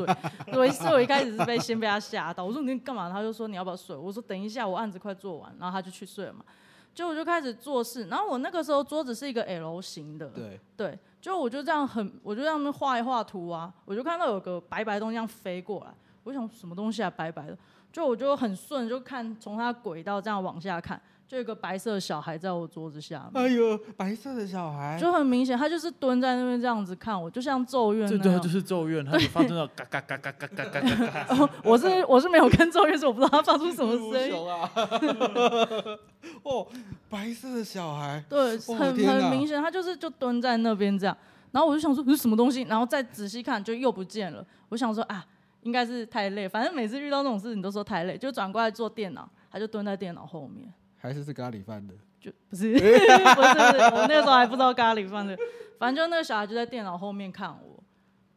我一我一開始是被先被她嚇到，我說：“你幹嘛？”她就說：“你要不要睡？”我說：“等一下，我案子快做完。”然後她就去睡了嘛。就我就開始做事，然後我那個時候桌子是一個 L 型的，對，就我就這樣很，我就讓他們畫一畫圖啊，我就看到有個白白的東西這樣飛過來，我想什麼東西啊，白白的，就我就很順就看從它軌道這樣往下看。就有一個白色小孩在我桌子下面，哎呦，白色的小孩，就很明顯，他就是蹲在那邊這樣子看我，就像咒怨那樣，對，對他就是咒怨，他發出那嘎嘎嘎嘎嘎嘎嘎嘎。我是我是沒有看咒怨，所以我不知道他發出什麼聲音。哦，白色的小孩，對，很很明顯，他就是就蹲在那邊這樣。然後我就想說是什麼東西，然後再仔細看，就又不見了。我想說啊，應該是太累，反正每次遇到這種事情，你都說太累，就轉過來做電腦，他就蹲在電腦後面。還是吃咖喱飯的，就不是，、欸、 不，是不是，我那個時候還不知道咖喱飯的，反正就那個小孩就在電腦後面看我，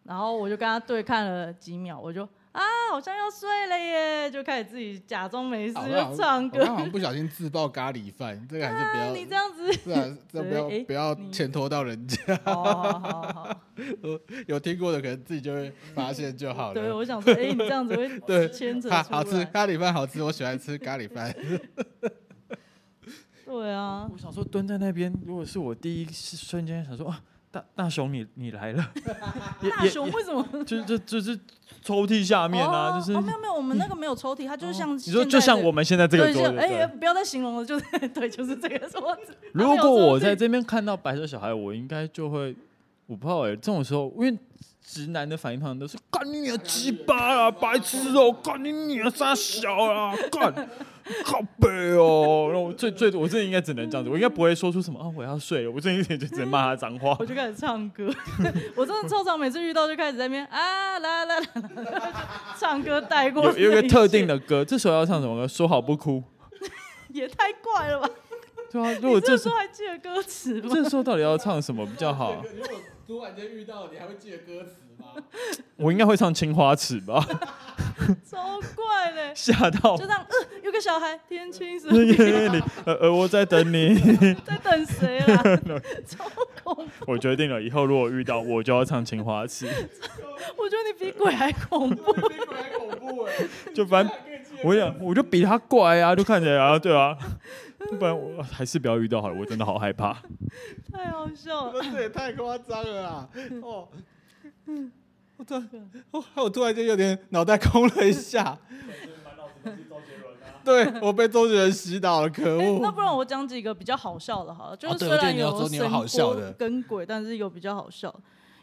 然後我就跟他對看了幾秒，我就啊，好像要睡了耶，就開始自己假裝沒事就、啊、唱歌。他好像不小心自爆咖喱飯，這個還是不要、啊、你這樣子，不然、啊、這對不要、欸、不要牽拖到人家。好好好好 有聽過的可能自己就會發現就好了。對，我想說，哎、欸，你這樣子會牽對牽扯出來好，好吃咖喱飯好吃，我喜歡吃咖喱飯。 對啊，我想說蹲在那邊，如果是我第一瞬間想說大大熊你你來了，大熊為什麼？就是這這這抽屜下面啊，就是沒有沒有，我們那個沒有抽屜，它就像你說就像我們現在這個桌子，哎，不要再形容了，就對，就是這個桌子。如果我在這邊看到白色小孩，我應該就會我不知道哎，這種時候因為直男的反應通常都是，幹你娘雞巴啊，白痴哦，幹你娘三小啊，幹。好悲哦，我最最多，我真的應該只能這樣子，我應該不會說出什麼啊，我要睡了，我真的一點就只能罵他髒話。我就開始唱歌，我真的超常每次遇到就開始在那邊啊，來來來，唱歌帶過。有有一個特定的歌，這時候要唱什麼歌？說好不哭，也太怪了吧？對啊，如果這時候還記得歌詞，這時候到底要唱什麼比較好？如果昨晚間遇到，你還會記得歌詞？啊、我應該會唱《青花瓷》吧？超怪嘞，嚇 到！就這樣，嗯、呃，有個小孩，天青色。 你，呃，我在等你。 在等誰啊？超恐怖！我決定了，以後如果遇到，我就要唱《青花瓷》。 我覺得你比鬼還恐怖，比鬼還恐怖哎！就反正，我也，我就比他怪啊！就看起來啊，對啊。不然我還是不要遇到好了。我真的好害怕。太好笑了！這也太誇張了啦！哦。嗯，我突然，哦、我突然間有點腦袋空了一下。對，啊、對，我被周杰倫洗腦了，可惡、欸。那不然我講幾個比較好笑的好了，就是雖然有神婆跟鬼，但是有比較好笑。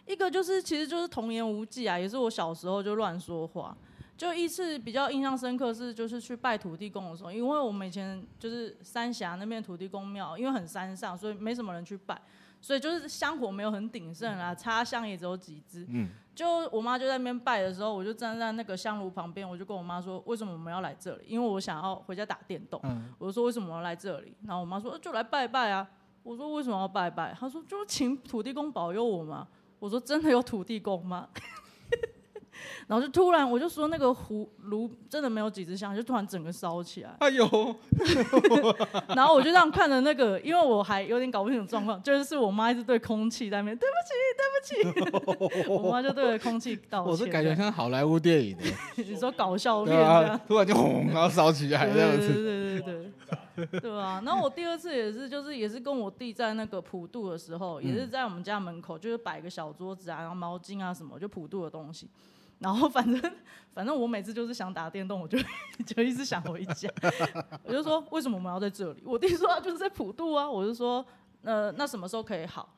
一個就是，其實就是童言無忌啊，也是我小時候就亂說話。就一次比較印象深刻是，就是去拜土地公的時候，因為我們以前就是三峽那邊土地公廟，因為很山上，所以沒什麼人去拜。所以就是香火沒有很鼎盛啊，插香也只有幾支。嗯，就我媽就在那邊拜的時候，我就站在那個香爐旁邊，我就跟我媽說：為什麼我們要來這裡？因為我想要回家打電動。嗯，我就說為什麼要來這裡？然後我媽說：就來拜拜啊。我說為什麼要拜拜？她說：就請土地公保佑我嘛。我說：真的有土地公嗎？ 然後就突然，我就說那個爐真的沒有幾支香，就突然整個燒起來。哎呦！ 然後我就這樣看着那個，因為我還有點搞不清楚狀況，就是我媽一直對空氣在那邊，對不起，對不起。 我媽就對着空氣道歉。我是、哦哦、感覺像好萊塢電影。 你說搞笑片、啊、突然就轟然後燒起來，這樣子，對對對對對，嗯、對、啊、然後我第二次也是，就是也是跟我弟在那個普渡的時候，也是在我們家門口，就是擺個小桌子啊，然後毛巾啊什麼，就普渡的東西。然後反正反正我每次就是想打電動，我就就一直想回家， 我就說為什麼我們要在這裡？我弟說他就是在普渡啊，我就說，呃，那什麼時候可以好？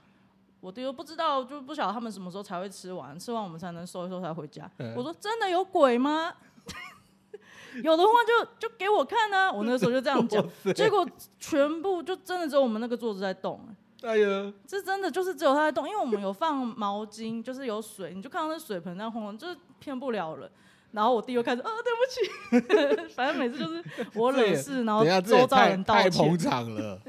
我弟又不知道，就不曉得他們什麼時候才會吃完，吃完我們才能收一收才回家。我說真的有鬼嗎？ 有的話就就給我看啊！我那時候就這樣講，結果全部就真的只有我們那個桌子在動啊。哎呀，這真的就是只有他在動，因為我們有放毛巾，就是有水，你就看到那水盆在晃動，就是騙不了了。然後我弟又開始，啊，對不起， 反正每次就是我惹事，然後周遭人道歉，太捧場了，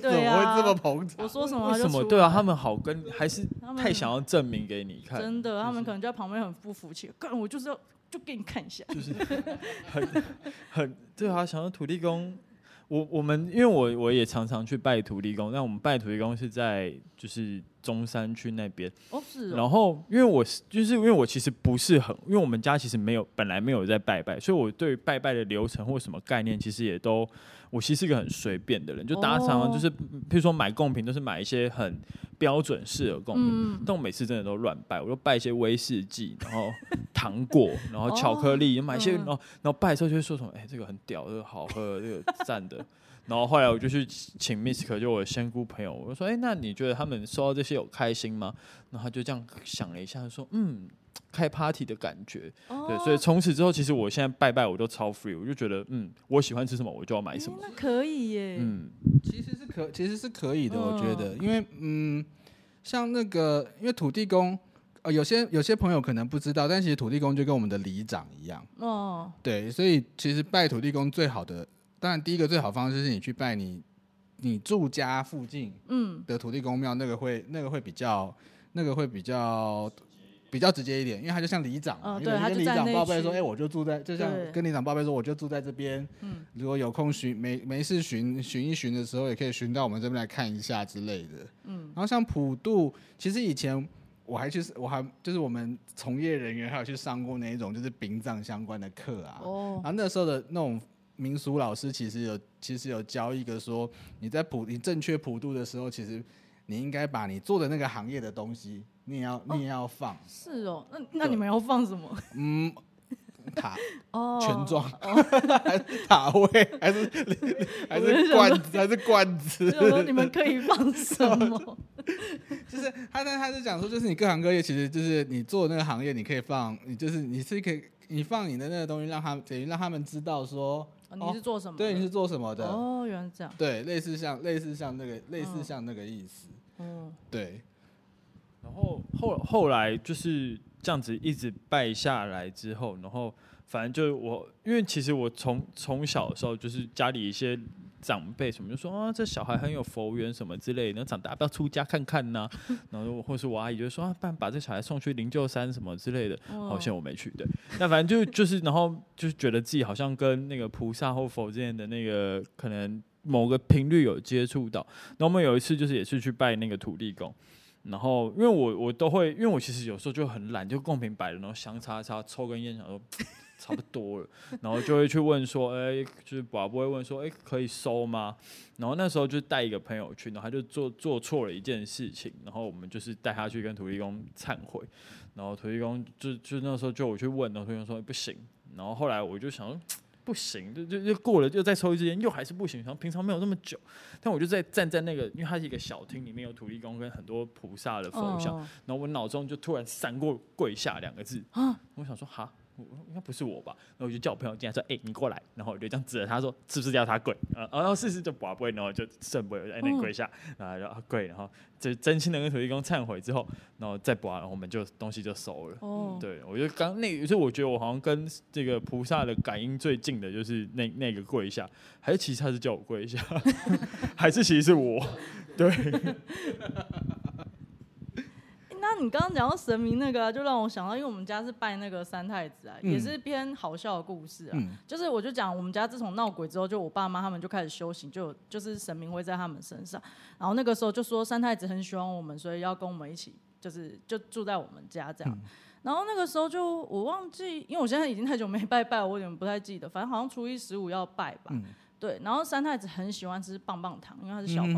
對啊，這麼捧場，我說什麼什麼？對啊，他們好跟還是太想要證明給你看，真的，他們可能就在旁邊很不服氣，看我就是要就給你看一下， 就是很很，對啊，想要土地公。我我們因為我我也常常去拜土地公，但我們拜土地公是在，就是中山區那邊，然後因為我是，就是因為我其實不是很，因為我們家其實沒有，本來沒有在拜拜，所以我對於拜拜的流程或什麼概念，其實也都，我其實是一個很隨便的人，就大家常常就是，譬如說買貢品都是買一些很標準式的貢品，但我每次真的都亂拜，我都拜一些威士忌，然後糖果，然後巧克力，買一些，然後然後拜的時候就會說什麼，哎，這個很屌，這個好喝，這個讚的。然後後來我就去請 Miss，就我的仙姑朋友，我說：“哎，那你覺得他們收到這些有開心嗎？”然後他就這樣想了一下，說：“嗯，開 party 的感覺，哦、對，所以從此之後，其實我現在拜拜我都超 free，我就覺得，嗯，我喜歡吃什麼我就要買什麼，那可以耶，嗯，其實是可其實是可以的，我覺得，因為嗯，像那個，因為土地公，呃，有些有些朋友可能不知道，但其實土地公就跟我們的里長一樣，哦，對，所以其實拜土地公最好的。當然，第一個最好方式是你去拜你，你住家附近，嗯，的土地公廟，嗯、那個會那個會比較那個會比較比較直接一點，因為他就像里長，哦、因為有人跟里長報備說，哎、哦欸，我就住在，就像跟里長報備說，對我就住在這邊，如果有空巡，沒沒事巡巡，巡一巡的時候，也可以巡到我們這邊來看一下之類的，嗯。然後像普渡，其實以前我還去，我還就是我們從業人員還有去上過那一種就是殯葬相關的課啊，哦、然後那時候的那種。民俗老師其實有，其實有教一個說你，你在普你正確普渡的時候，其實你應該把你做的那個行業的東西，你要你也要放、哦。是哦，那對那你們要放什麼？嗯，塔哦，全裝壯、哦、 還是塔位，還是還是罐還是罐子？就是說你們可以放什麼？ 就是他在他在講說，就是你各行各業，其實就是你做的那個行業，你可以放，你就是你是可以你放你的那個東西，讓他們等於讓他們知道說。啊、你是做什麼，哦？對，你是做什麼的？哦，原來這樣。對，類似像類似像那個類似像那個意思。嗯，對。然後後後來就是這樣子一直拜下來之後，然後反正就是我，因為其實我從從小的時候就是家裡一些。長輩什麼就說啊，這小孩很有佛緣什麼之類的，長大不要出家看看呢。然後或是我阿姨就說啊，不然把這小孩送去靈鷲山什麼之類的。好像我沒去。對，那反正就是就是，然後就是覺得自己好像跟那個菩薩或佛見的那個可能某個頻率有接觸到。那我們有一次就是也是去拜那個土地公，然後因為我我都會，因為我其實有時候就很懶，就貢品擺的，然後香插插，抽根菸，想說。 差不多了，然後就會去問說，哎、欸，就是爸爸會問說，哎、欸，可以收嗎？然後那時候就帶一個朋友去，然後他就做做錯了一件事情，然後我們就是帶他去跟土地公懺悔，然後土地公就就那時候就我去問，然後土地公說、欸、不行。然後後來我就想說，不行，就就就過了，就再抽一支煙，又還是不行。然後平常沒有那麼久，但我就在站在那個，因為它是一個小廳，裡面有土地公跟很多菩薩的佛像，oh. 然後我腦中就突然閃過“跪下”兩個字啊，Huh? 我想說哈。應該不是我吧？然後我就叫我朋友進來，說：“哎、欸，你過來。”然後我就這樣指着他說：“是不是叫他跪？”呃，然後試試就拔啊，不會，然後就剩我，哎、嗯，你跪下，然啊，就啊跪。然後就真心的跟土地公懺悔之後，然後再拔，然後我們就東西就收了。嗯、對，我覺得剛那，所以我覺得我好像跟這個菩薩的感應最近的，就是那那個跪下，還是其實他是叫我跪一下， 還是其實是我？對。 那、啊、你剛剛講到神明那個、啊，就讓我想到，因為我們家是拜那個三太子啊，嗯、也是偏好笑的故事啊。嗯、就是我就講，我們家自從鬧鬼之後，就我爸媽他們就開始修行，就就是神明會在他們身上。然後那個時候就說三太子很喜歡我們，所以要跟我們一起，就是就住在我們家這樣。嗯、然後那個時候就我忘記，因為我現在已經太久沒拜拜，我有點不太記得。反正好像初一十五要拜吧，嗯、對。然後三太子很喜歡吃棒棒糖，因為他是小朋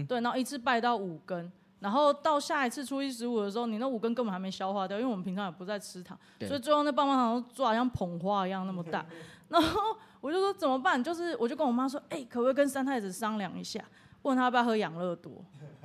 友，對。然後一次拜到五根。然後到下一次初一十五的時候，你那五根根本還沒消化掉，因為我們平常也不在吃糖，對所以最後那棒棒糖就做好像捧花一樣那麼大。然後我就說怎麼辦？就是我就跟我媽說，哎、欸，可不可以跟三太子商量一下，問他要不要喝養樂多？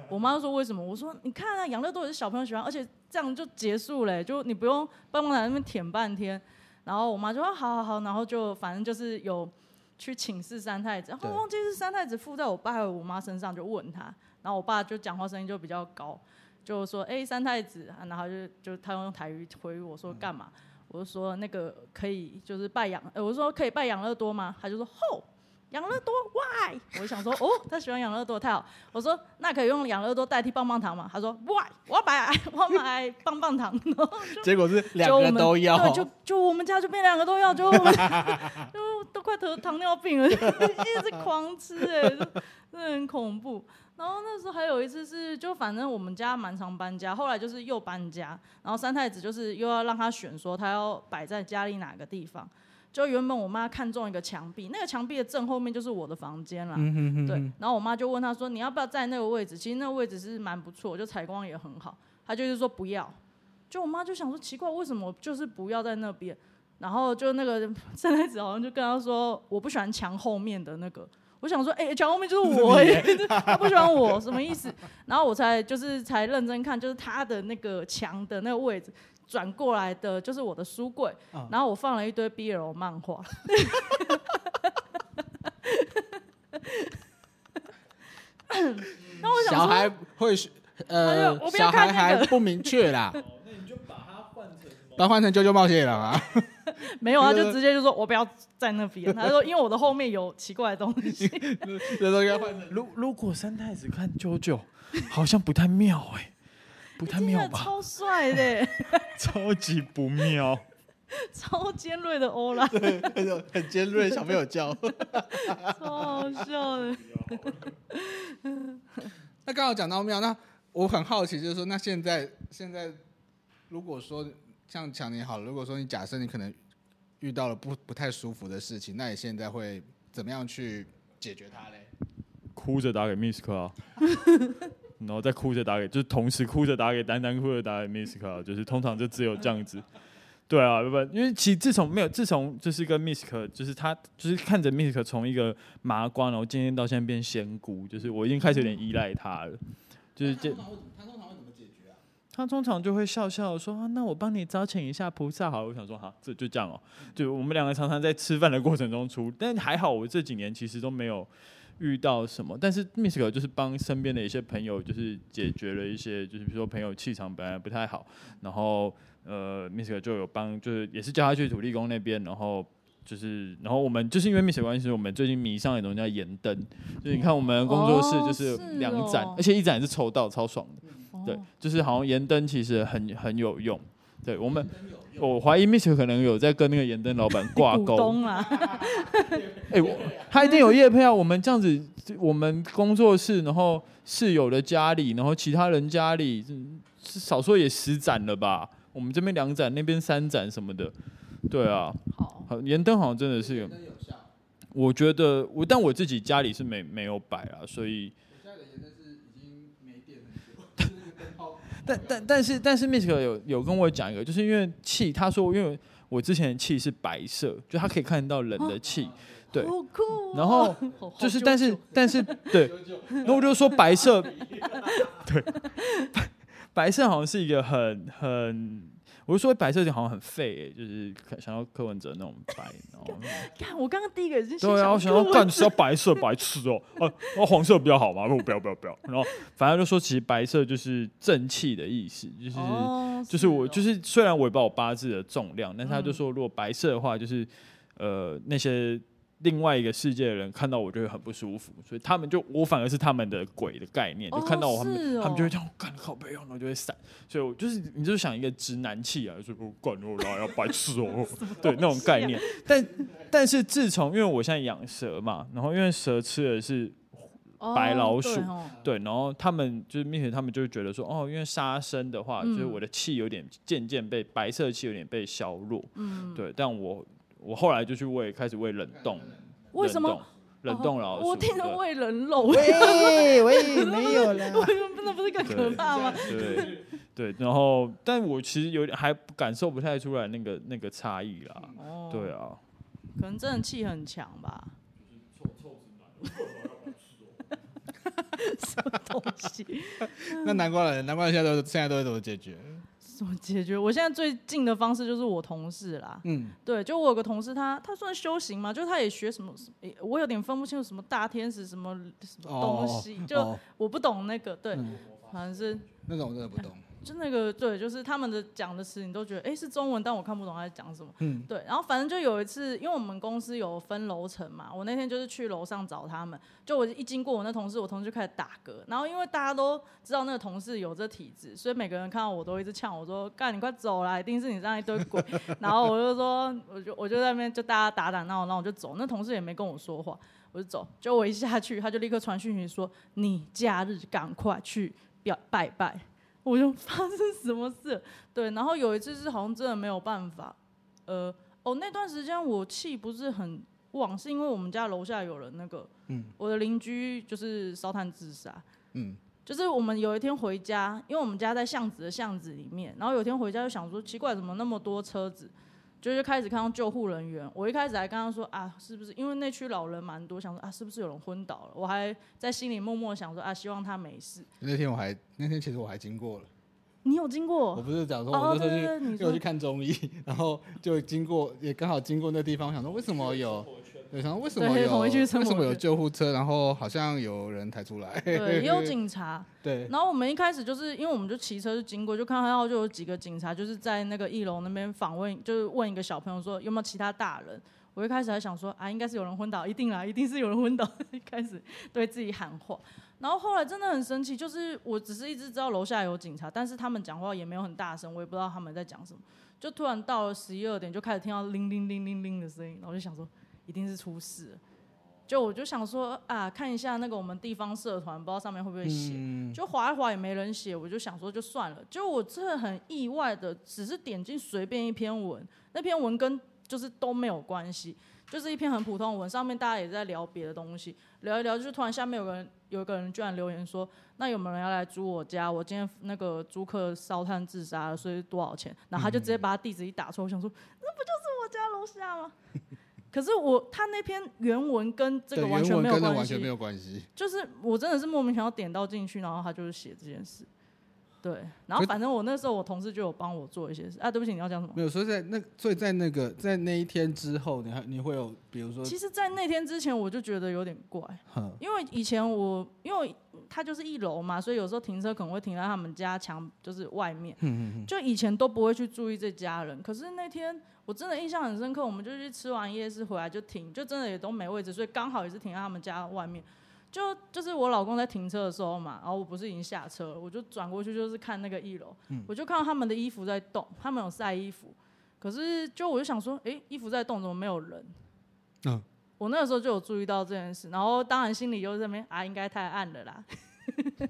我媽就說為什麼？我說你看啊，養樂多也是小朋友喜歡，而且這樣就結束了耶，就你不用棒棒糖在那邊舔半天。然後我媽就說好好好，然後就反正就是有去請示三太子，然後我忘記是三太子附在我爸還我媽身上就問他。然後我爸就講話聲音就比較高，就說：“哎，三太子啊！”然後就就他用台語回我說：“幹嘛？”嗯、我就說：“那個可以就是拜養，我說可以拜養樂多嗎？”他就說：“吼，養樂多，why？” 我就想說：“哦， 他喜歡養樂多太好。”我說：“那可以用養樂多代替棒棒糖嗎？”他說：“Why？我要買，我要買棒棒糖。”結果是兩個都要，就我們，對，就，就我們家就變兩個都要，就 就都快得糖尿病了， 一直狂吃、欸，哎，真的很恐怖。然後那時候還有一次是，就反正我們家蠻常搬家，後來就是又搬家，然後三太子就是又要讓他選，說他要擺在家裡哪個地方。就原本我媽看中一個牆壁，那個牆壁的正後面就是我的房間了，嗯、哼哼對。然後我媽就問他說：“你要不要在那個位置？”其實那個位置是蠻不錯，就採光也很好。他就是說不要。就我媽就想說奇怪，為什麼就是不要在那邊？然後就那個三太子好像就跟他說：“我不喜歡牆後面的那個。”我想說，哎、欸，牆後面就是我耶，是耶 他不喜歡我， 什麼意思？然後我才就是才認真看，就是他的那個牆的那個位置轉過來的，就是我的書櫃，嗯、然後我放了一堆 B L 漫畫。那、 嗯、 我想小孩會是呃，我看那個、小孩還不明確啦、 哦。那你就把它換成什麼，把它換成舊舊《JOJO 冒險》了啊。 沒有啊，他就直接就說，我不要在那邊。 他就說，因為我的後面有奇怪的東西。如 如果三太子看 JoJo，好像不太妙哎、欸，不太妙吧？欸、超帥的、欸，超級不妙， 超尖銳的歐啦。對，很尖銳，小朋友叫， 超好笑的。 好 那剛好講到妙，那我很好奇，就是說，那現在現在如果說。像強尼好，如果說你假設你可能遇到了不不太舒服的事情，那你現在會怎麼樣去解決它嘞？哭着打給 Miska 啊， 然後再哭着打給，就是同時哭着打給丹丹，單單哭着打給 Miska 啊，就是通常就只有這樣子。對啊，因為其實自從沒有自從就是跟 Miska，就是他就是看着 Miska 從一個麻瓜，然後漸漸到現在變仙姑，就是我已經開始有點依賴他了，嗯、就是這。他通常就會笑笑說：“那我幫你招請一下菩薩好了。”我想說：“好，這就這樣哦、喔。”就我們兩個常常在吃飯的過程中出，但還好我這幾年其實都沒有遇到什麼。但是密 r 克就是幫身邊的一些朋友，就是解決了一些，就是比如說朋友氣場本來不太好，然後呃，密 r 克就有幫，就是也是叫他去土地公那邊，然後就是，然後我們就是因為密切關係，我們最近迷上一種叫鹽燈，所以你看我們的工作室就是兩盞，哦哦、而且一盞是抽到超爽的對，就是好像鹽燈其實很很有用。對我們，我懷疑 Mr. 可能有在跟那個鹽燈老板掛鈎。哎、啊欸，我他一定有業配啊。我們這樣子，我們工作室，然後室友的家裡，然後其他人家裡，少說也十盞了吧。我們這邊兩盞，那邊三盞什麼的。對啊，好鹽燈好像真的是有，我覺得我，但我自己家裡是沒沒有擺啊，所以。但但但是但是，Miss 有有跟我講一個，就是因為氣，他說因為我之前的氣是白色，就他可以看得到人的氣，哦、對，哦、然後就是但是救救但是對，那我就說白色，啊啊對白，白色好像是一個很很。我就說白色就好像很廢，哎、欸，就是想要柯文哲那種白。看我剛剛第一個已經對啊，我想要幹是要白色白痴，哦、喔，啊，那、啊、黃色比較好嘛，那我不要不要不要。然後反正就說其實白色就是正氣的意思，就是就是我就是雖然我也把我八字的重量，但是他就說如果白色的話就是呃那些。另外一個世界的人看到我就會很不舒服，所以他們就我反而是他們的鬼的概念，哦、就看到我他們、哦、他們就會這樣我幹靠背然後就會散。所以我就是你就想一個直男氣啊，就說不幹、哦、我來、喔、 啊，白痴哦，對那種概念。但 但是自從因為我現在養蛇嘛，然後因為蛇吃的是白老鼠，哦對,哦、對，然後他們就是面前他們就覺得說，哦，因為殺生的話，嗯、就是我的氣有點漸漸被白色氣有點被削弱，嗯，對，但我。我後來就去餵，開始餵冷凍。為什麼？冷凍凍了。哦、老鼠我聽到餵人肉。餵，餵，沒有了，不那不是更可怕嗎 對？對，對。然後，但我其實有點還感受不太出來那個那個差異啦。哦嗎。對啊。可能真的氣很強吧。臭臭什麼東西？ 那南瓜人，南瓜人現在都現在都會怎麼解決？怎麼解決？我現在最近的方式就是我同事啦。嗯，對，就我有個同事他，他他算修行嘛，就是他也學什麼、欸，我有點分不清楚什麼大天使什麼什麼東西，哦、就、哦、我不懂那個，對，嗯、反正是那種我真的不懂。 就那個對，就是他們的講的詞，你都覺得哎、欸、是中文，但我看不懂他在講什麼。嗯，對，然後反正就有一次，因為我們公司有分樓層嘛，我那天就是去樓上找他們，就我一經過我那同事，我同事就開始打嗝，然後因為大家都知道那個同事有這體質，所以每個人看到我都一直嗆我說幹，你快走啦，一定是你這樣一堆鬼。然後我就說，我就我就在那邊就大家打打鬧鬧，然後我就走，那同事也沒跟我說話，我就走，就我一下去，他就立刻傳訊息說你假日趕快去表拜拜。我就發生什麼事？對，然後有一次是好像真的沒有辦法，呃，哦，那段時間我氣不是很旺，是因為我們家樓下有人那個，嗯、我的鄰居就是燒炭自殺，嗯，就是我們有一天回家，因為我們家在巷子的巷子裡面，然後有一天回家就想說，奇怪，怎麼那麼多車子？就就開始看到救護人員，我一開始還跟他說啊，是不是因為那區老人蠻多，想說啊，是不是有人昏倒了？我還在心裡默默想說啊，希望他沒事。那天我還那天其實我還經過了，你有經過？我不是講說，我就是說去，哦，對對對又去看中醫，然後就經過，也剛好經過那地方，想說為什麼有。對，為什麼有？對為什麼有救護車？對然後好像有人抬出來。對，也有警察。 對，然後我們一開始就是因為我們就騎車就經過，就看到就有幾個警察就是在那個一樓那邊訪問，就是問一個小朋友說有沒有其他大人。我一開始還想說啊，應該是有人昏倒，一定啊，一定是有人昏倒。一開始對自己喊話，然後後來真的很生氣，就是我只是一直知道樓下有警察，但是他們講話也沒有很大聲，我也不知道他們在講什麼。就突然到了十一二點，就開始聽到鈴鈴鈴鈴鈴的聲音，然後我就想說。一定是出事，就我就想說啊，看一下那個我們地方社團，不知道上面會不會寫，嗯、就劃一劃也沒人寫，我就想說就算了。就我真的很意外的，只是點進隨便一篇文，那篇文跟就是都沒有關係，就是一篇很普通的文，上面大家也在聊別的東西，聊一聊就突然下面有個人有一個人居然留言說，那有沒有人要來租我家？我今天那個租客燒炭自殺了，所以是多少錢？然後他就直接把他地址一打出來，嗯、我想說，那不就是我家樓下嗎？ 可是我他那篇原文跟這個完全沒有關係，關就是我真的是莫名其妙點到進去，然後他就是寫這件事，對。然後反正我那時候我同事就有幫我做一些事。是啊，對不起，你要講什麼？沒有。所以在那，所以在那個在那一天之後，你還你會有，比如說，其實，在那天之前我就覺得有點怪，呵因為以前我因為我他就是一樓嘛，所以有時候停車可能會停在他們家牆就是外面，嗯嗯嗯就以前都不會去注意這家人，可是那天。我真的印象很深刻，我們就去吃完夜市回來就停，就真的也都沒位置，所以剛好也是停在他們家外面。就就是我老公在停車的時候嘛，然後我不是已經下車了，我就轉過去就是看那個一樓，嗯、我就看到他們的衣服在動，他們有晒衣服，可是就我就想說，哎、欸，衣服在動怎麼沒有人？嗯，我那個時候就有注意到這件事，然後當然心裡就是在那邊啊，應該太暗了啦。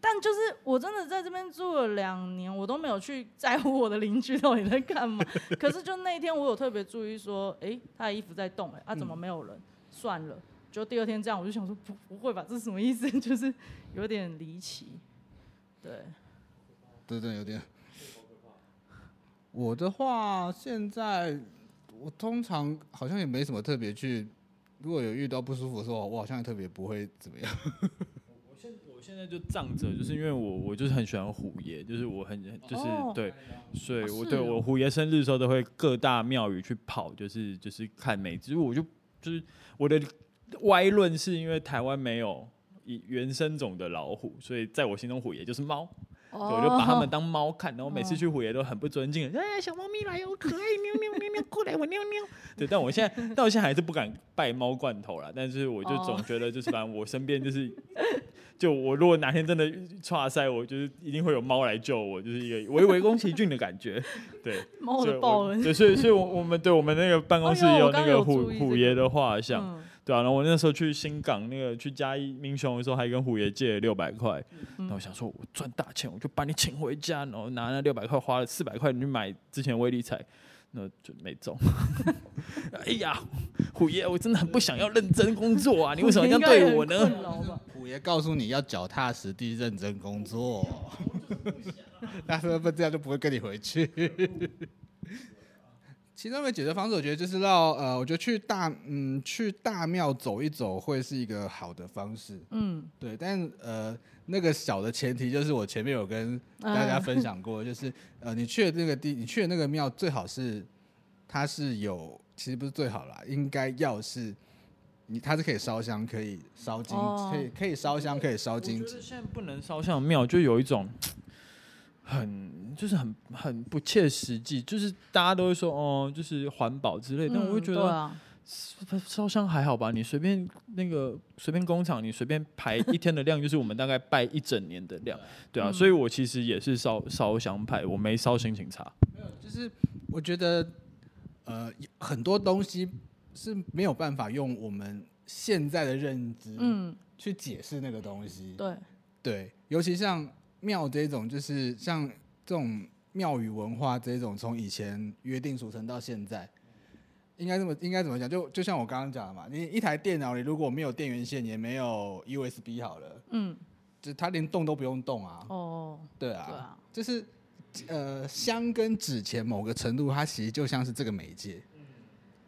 但就是，我真的在這邊住了兩年，我都沒有去在乎我的鄰居到底在幹嘛。 可是就那一天，我有特別注意，說，哎、欸，他的衣服在動、欸，哎，啊，怎麼沒有人？嗯、算了，就第二天這樣，我就想說，不，不會吧，這是什麼意思？就是有點離奇，對，對對，對，有點。我的話，現在我通常好像也沒什麼特別去，如果有遇到不舒服的時候，我好像也特別不會怎麼樣。 我現在就仗着，就是因為我我就是很喜歡虎爺，就是我很就是對，oh. 所以我對我虎爺生日的時候都會各大廟宇去跑，就是就是看每隻。我就就是我的歪論是因為台灣沒有以原生種的老虎，所以在我心中虎爺就是貓，我就把它們當貓看。然後每次去虎爺都很不尊敬，哎、oh. 欸，小貓咪來喲、喔， 可愛，喵喵喵喵過來，我喵喵。對，但我現在到現在還是不敢拜貓罐頭啦，但是我就總覺得就是反正我身邊就是。Oh. 就我如果哪天真的穿耳塞，我就是一定會有貓來救我，就是一個圍圍宮崎駿的感覺， 對，貓會抱所以，所以，我我們對我們那個辦公室也有那個虎、哦，剛剛這個、虎爺的畫像。嗯對啊，然後我那時候去新港那個去嘉義民雄的時候，還跟虎爺借六百塊，那、嗯、我想說我賺大錢，我就把你請回家，然後拿了那六百塊花了四百塊去買之前的威力彩，那準備走。 哎呀，虎爺，我真的很不想要認真工作啊， 你為什麼要對我呢？虎爺告訴你要腳踏實地認真工作，那 不是這樣就不會跟你回去。 其中一個解決方式，我覺得就是讓呃，我覺得去大嗯去大廟走一走，會是一個好的方式。嗯，對。但呃，那個小的前提就是我前面有跟大家分享過的，啊、就是呃，你去的那個地，你去的那個廟，最好是它是有，其實不是最好啦，應該要是你它是可以燒香，可以燒金，哦、可以可以燒香，可以燒金。我覺得現在不能燒香的廟，就有一種。很就是很很不切實際，就是大家都會說哦，就是環保之類，嗯、但我會覺得燒、啊、香還好吧，你隨便那個隨便工廠，你隨便排一天的量，就是我們大概拜一整年的量， 對啊，所以我其實也是燒燒香派，我沒燒心情差。沒有，就是我覺得呃很多東西是沒有辦法用我們現在的認知嗯去解釋那個東西，嗯、對對，尤其像。廟這一種就是像這種廟宇文化這一種，從以前約定俗成到現在，應該這麼應該怎麼講？就就像我剛剛講的嘛，你一台電腦裡如果沒有電源線，也沒有 USB 好了，嗯，就它連動都不用動啊，哦，對啊，就是呃香跟紙錢，某個程度它其實就像是這個媒介。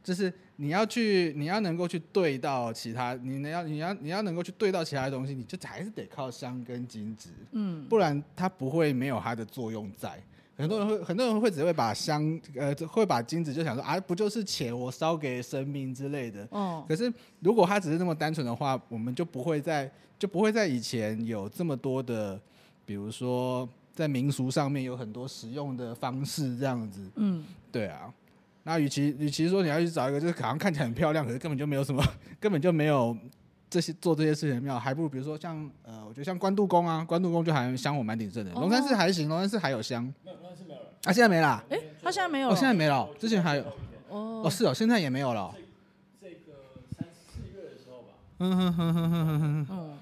就是你要去，你要能夠去對到其他，你能要你要你要能夠去對到其他的東西，你就還是得靠香跟金紙，嗯，不然它不會沒有它的作用在。很多人會很多人會只會把香呃，會把金紙就想說啊，不就是錢我燒給神明之類的，哦。可是如果它只是那麼單純的話，我們就不會在就不會在以前有這麼多的，比如說在民俗上面有很多使用的方式這樣子，嗯，對啊。那與其與其說你要去找一個就是好像看起來很漂亮，可是根本就沒有什麼，根本就沒有這些做這些事情的廟，還不如比如說像呃，我覺得像關渡宮啊，關渡宮就還香火蠻鼎盛的。龍山寺還行，龍山寺還有香。沒有，龍山寺沒有啊，現在沒啦？哎，他現在沒有了哦，現在沒了。哦，之前還有。哦，哦，是哦，現在也沒有了哦。這個三四月的時候吧。嗯嗯嗯嗯嗯嗯嗯。嗯。嗯嗯嗯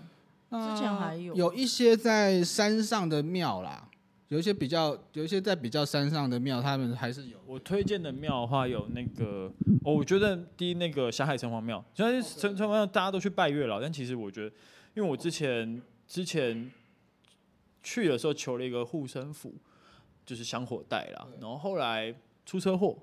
呃、之前還有。有一些在山上的廟啦。有一些比較，有一些在比較山上的廟，他們還是有。我推薦的廟的話，有那個， 哦，我覺得第一那個霞海城隍廟，其實城隍廟大家都去拜月老，但其實我覺得，因為我之前 之前去的時候求了一個護身符，就是香火袋啦。對然後後來出車禍，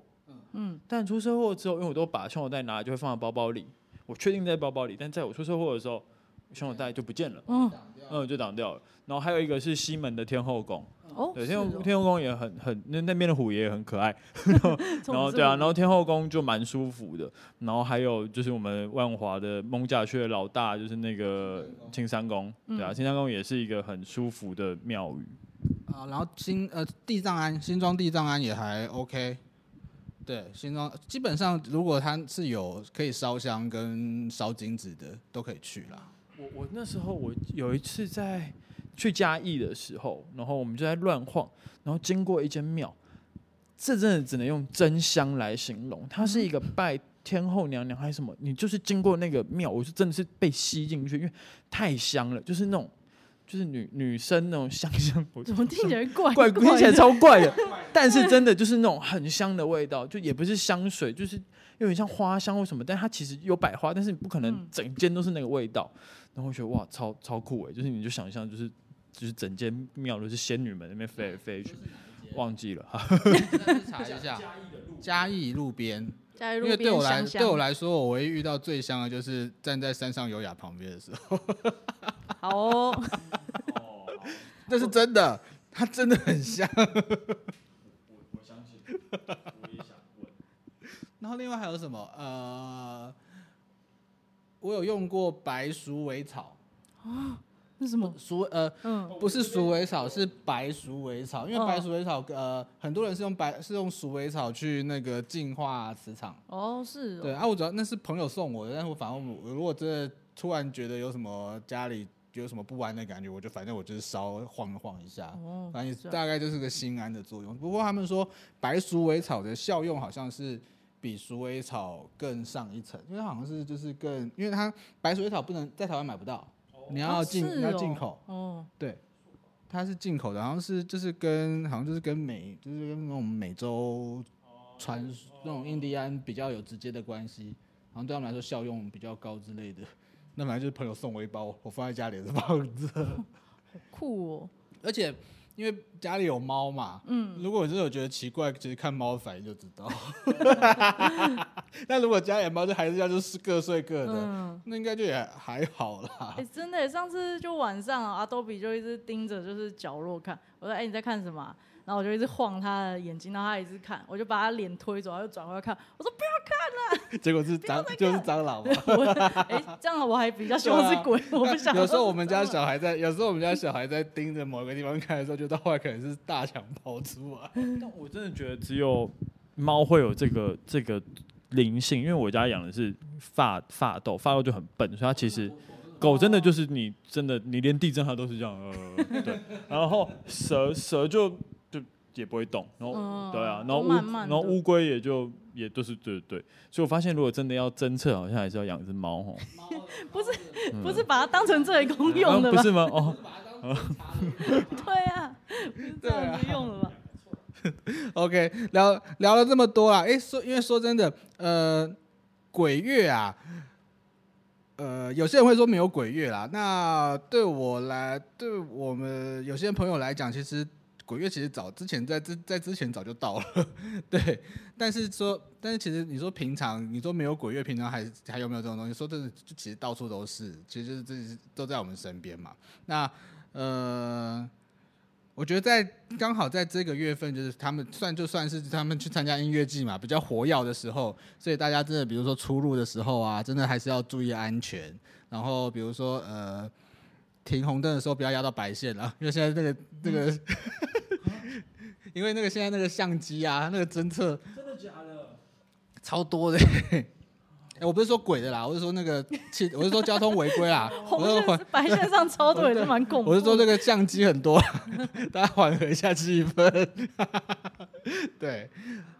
嗯，但出車禍之後，因為我都把香火袋拿來就會放在包包裡，我確定在包包裡，但在我出車禍的時候。胸口帶就不見了，oh. 了嗯，那我就擋掉了。然後還有一個是西門的天後宮，哦，oh. 對，天後宮天後宮也很很，那那邊的虎也很可愛 然。然後對啊，然後天後宮就蠻舒服的。然後還有就是我們萬華的艋舺雀老大，就是那個青山宮，對啊，oh. 青山宮也是一個很舒服的廟宇。啊，uh, 然後新呃地藏庵，新莊地藏庵也還 OK。對，新莊基本上如果它是有可以燒香跟燒金紙的，都可以去啦。我我那時候我有一次在去嘉義的時候，然後我們就在亂晃，然後經過一間廟，這真的只能用真香來形容。它是一個拜天后娘娘還是什麼？你就是經過那個廟，我是真的是被吸進去，因為太香了，就是那種就是女女生那種香香，怎麼聽起來怪怪，聽起來超怪的。 但是真的就是那種很香的味道，就也不是香水，就是有點像花香或什麼。但它其實有百花，但是你不可能整間都是那個味道。然後我覺得哇，超超酷哎、欸！就是你就想象、就是，就是就是整間廟都是仙女們那邊飛對飛去，忘記了，查一下嘉義的路，嘉義路邊，因為對我來對我來說，我唯一遇到最香的就是站在山上優雅旁邊的時候，好哦，那 是真的，它真的很香。我，我相信，然後另外還有什麼？呃。我有用過白鼠尾草啊、哦？那什麼鼠呃，嗯、不是鼠尾草，是白鼠尾草。因為白鼠尾草、哦、呃，很多人是用白是用鼠尾草去那個淨化磁場。哦，是哦。對啊，我主要那是朋友送我的，但我反而，如果真的突然覺得有什麼家裡有什麼不安的感覺，我就反正我就是稍微晃一晃一下，反正、哦啊、大概就是個心安的作用。不過他們說白鼠尾草的效用好像是。比鼠尾草更上一層，因為它好像是就是更，因為它白鼠尾草不能在台灣買不到，哦、你要進要進、啊哦、口，哦。對，它是進口的，好像是就是跟好像就是跟美就是跟那種美洲傳、哦、那種印第安比較有直接的關係，好像對他們來說效用比較高之類的，嗯、那本來就是朋友送我一包，我放在家裡的房子，哦酷哦，而且。因為家裡有貓嘛，嗯，如果我真的覺得奇怪，其實看貓的反應就知道。那 如果家裡貓就還是要就是各睡各的，嗯、那應該就也還好啦。哎，欸、真的、欸，上次就晚上、啊，阿豆比就一直盯着就是角落看，我說，哎，你在看什麼、啊？然後我就一直晃他的眼睛，然後他一直看，我就把他臉推走，他就轉過來看，我說不要看了，結果是蟑就是蟑螂嘛。哎， 這樣我還比較喜歡是鬼，啊、我不想。 有時候我們家小孩在 有時候我們家小孩在盯着某一個地方看的時候，就覺得後來可能是大強跑出來。但我真的覺得只有貓會有這個這個靈性，因為我家養的是發發豆，發豆就很笨，所以它其實狗真的就是你真的你連地震它都是這樣呃 對，然後蛇蛇就。也不會動，然後、嗯、對啊，然後烏，哦、滿滿然後烏龜也就也都是對對對，所以我發現如果真的要偵測，好像還是要養隻貓哦， 不是、嗯、不是把它當成這一公用的、嗯哦，不是嗎？哦，是 對啊，不是這樣子用的嘛。對啊、 OK，聊聊了這麼多啊，哎，說因為說真的，呃，鬼月啊，呃，有些人會說沒有鬼月啦，那對我來，對我們有些朋友來講，其實。鬼月其實早之前在之在之前早就到了，對，但是說，但是其實你說平常，你說沒有鬼月，平常還還有沒有這種東西？說真的，其實到處都是，其實這、就是、都在我們身邊嘛。那呃，我覺得在剛好在這個月份，就是他們算就算是他們去參加音樂季嘛，比較活躍的時候，所以大家真的，比如說出入的時候啊，真的還是要注意安全。然後比如說呃，停紅燈的時候不要壓到白線了，因為現在、那個、這個這個。因為那個現在那個相機啊，那個偵測真的假的，超多的，欸欸。我不是說鬼的啦，我是說那個氣 我是說交通違規啦。 紅線是白線上超多，也是蠻恐怖。我是說這對對個相機很多， 大家緩和一下氣氛。 對，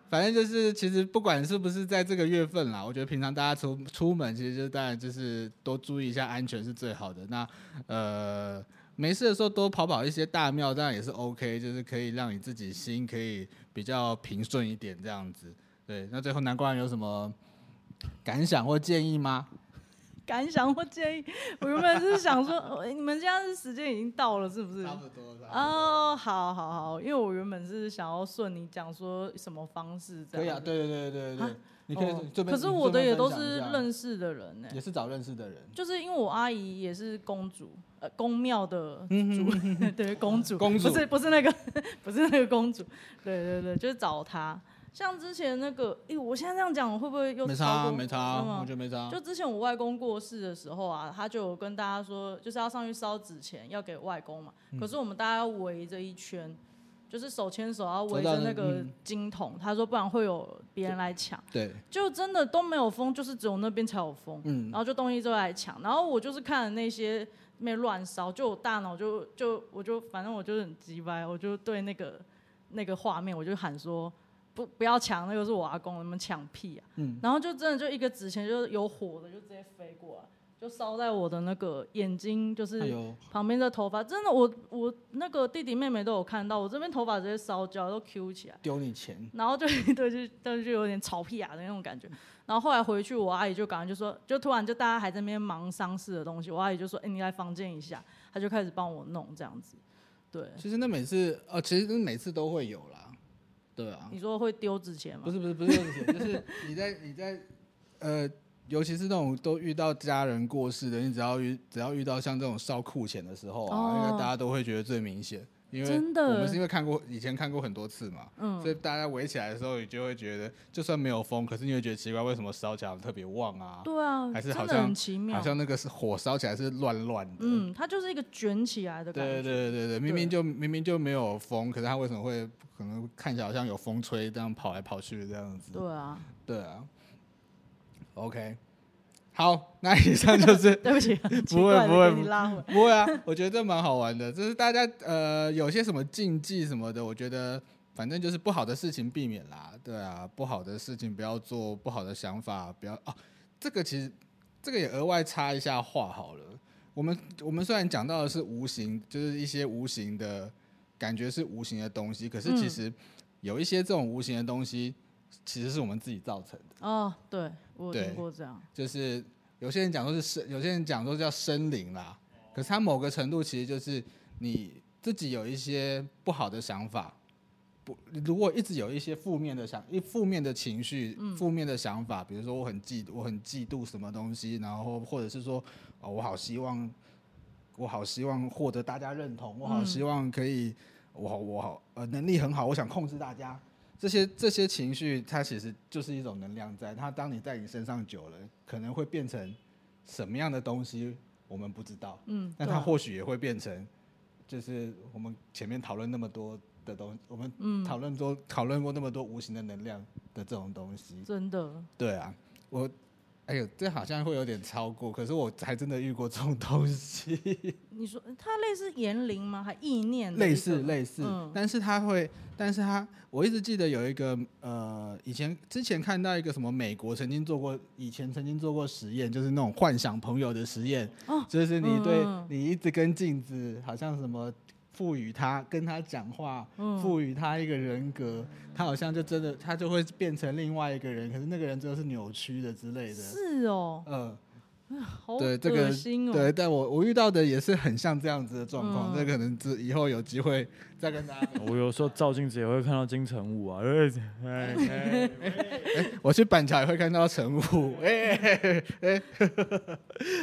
反正就是其實不管是不是在這個月份啦，我覺得平常大家出出門，其實就是當然就是多注意一下安全是最好的。那呃。沒事的時候多跑跑一些大廟，這樣也是 OK，就是可以讓你自己心可以比較平順一點，這樣子。對，那最後南瓜人有什麼感想或建議嗎？感想或建議，我原本是想說， 欸、你們這樣子時間已經到了，是不是？差不多了。哦，oh, 好好好，因為我原本是想要順你講說什麼方式這樣。可以，對啊，對對對對對。可，哦、可是我的也都是認識的人呢、欸。也是找認識的人，就是因為我阿姨也是公主，呃，宮廟的主，嗯、呵呵 對，公主，公主，不是不是那個，不是那個公主，對對對，就是找她。像之前那個，哎、欸，我現在這樣講，我會不會又沒、啊？沒差、啊，吧我覺得沒差、啊。就之前我外公過世的時候啊，他就有跟大家說，就是要上去燒紙錢，要給外公嘛。嗯、可是我們大家要圍着一圈。就是手牽手啊，然後圍着那個金桶，嗯、他說不然會有別人來搶，對，就真的都沒有風，就是只有那邊才有風。嗯，然後就東西就來搶，然後我就是看了那些沒亂燒，就我大腦就就我就反正我就是很急歪，我就對那個那個畫面，我就喊說不不要搶，那個是我阿公，你們搶屁啊，嗯，然後就真的就一個紙錢就有火的就直接飛過來。就燒在我的那個眼睛，就是旁邊的頭髮，哎、呦真的，我我那個弟弟妹妹都有看到，我這邊頭髮直接燒焦，都 Q 起來，丟你錢，然後就對就就就有點吵屁眼、啊、的那種感覺，然後後來回去，我阿姨就剛剛就說，就突然就大家還在那邊忙喪事的東西，我阿姨就說，哎、欸，你來房間一下，他就開始幫我弄這樣子，對，其實那每次呃、哦，其實每次都會有啦，對啊，你說會丟紙錢嗎？不是不是不是丟紙錢， 就是你在你在呃。尤其是那種都遇到家人過世的，你只要遇只要遇到像這種燒庫錢的時候啊，哦、應該大家都會覺得最明顯，因為我們是因為看過以前看過很多次嘛，嗯，所以大家圍起來的時候你就會覺得，就算沒有風，可是你會覺得奇怪，為什麼燒起來特別旺啊？對啊，還是好像、真的很奇妙啊、好像那個是火燒起來是亂亂的，嗯，它就是一個捲起來的感覺。對，對對對對，對明明就明明就沒有風，可是它為什麼會可能看起來好像有風吹這樣跑來跑去這樣子？對啊，對啊。OK，好，那以上就是。 對不起，不會 不會不會，不會啊！ 我覺得這蠻好玩的，就是大家呃有些什麼禁忌什麼的，我覺得反正就是不好的事情避免啦，對啊，不好的事情不要做，不好的想法不要。哦、啊，這個其實這個也額外插一下話好了。我們我們雖然講到的是無形，就是一些無形的感覺是無形的東西，可是其實有一些這種無形的東西。嗯其實是我們自己造成的、哦、對，我聽過這樣，就是有些人講說是生，有些人講說叫生靈啦，可是它某個程度其實就是你自己有一些不好的想法，不，如果一直有一些負面的想，一負面的情緒，負面的想法，嗯、比如說我很嫉妒，我很嫉妒什麼東西，然後或者是說，哦、我好希望，我好希望獲得大家認同，我好希望可以，嗯、我好我好呃能力很好，我想控制大家。這些這些情緒，它其實就是一種能量，在它當你在你身上久了，可能會變成什麼樣的東西，我們不知道。嗯。那它或許也會變成，就是我們前面討論那麼多的東西，我們討論過、嗯、討論過那麼多無形的能量的這種東西。真的。對啊，我。哎呦，這好像會有點超過，可是我還真的遇過這種東西。 你說它類似言靈嗎？還意念？類似，類似。嗯、但是它會，但是它，我一直記得有一個呃，以前之前看到一個什麼美國曾經做過，以前曾經做過實驗，就是那種幻想朋友的實驗。哦。就是你對、嗯、你一直跟鏡子，好像什麼。賦予他跟他講話，賦予他一個人格，嗯、他好像就真的他就會變成另外一個人，可是那個人真的是扭曲的之類的。是哦。嗯、呃。哦、對這個，對，但我我遇到的也是很像這樣子的狀況，嗯、這個可能以後有機會再跟他。 我有時候照鏡子也會看到金城武啊，因為哎，我去板橋也會看到城武，哎、欸、哎，欸欸、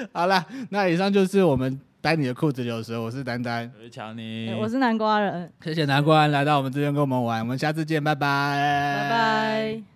好了，那以上就是我們。在你的褲子有的時候，我是丹丹，我是喬妮，欸，我是南瓜人。謝謝南瓜來到我們這邊跟我們玩，我們下次見，拜拜，拜拜。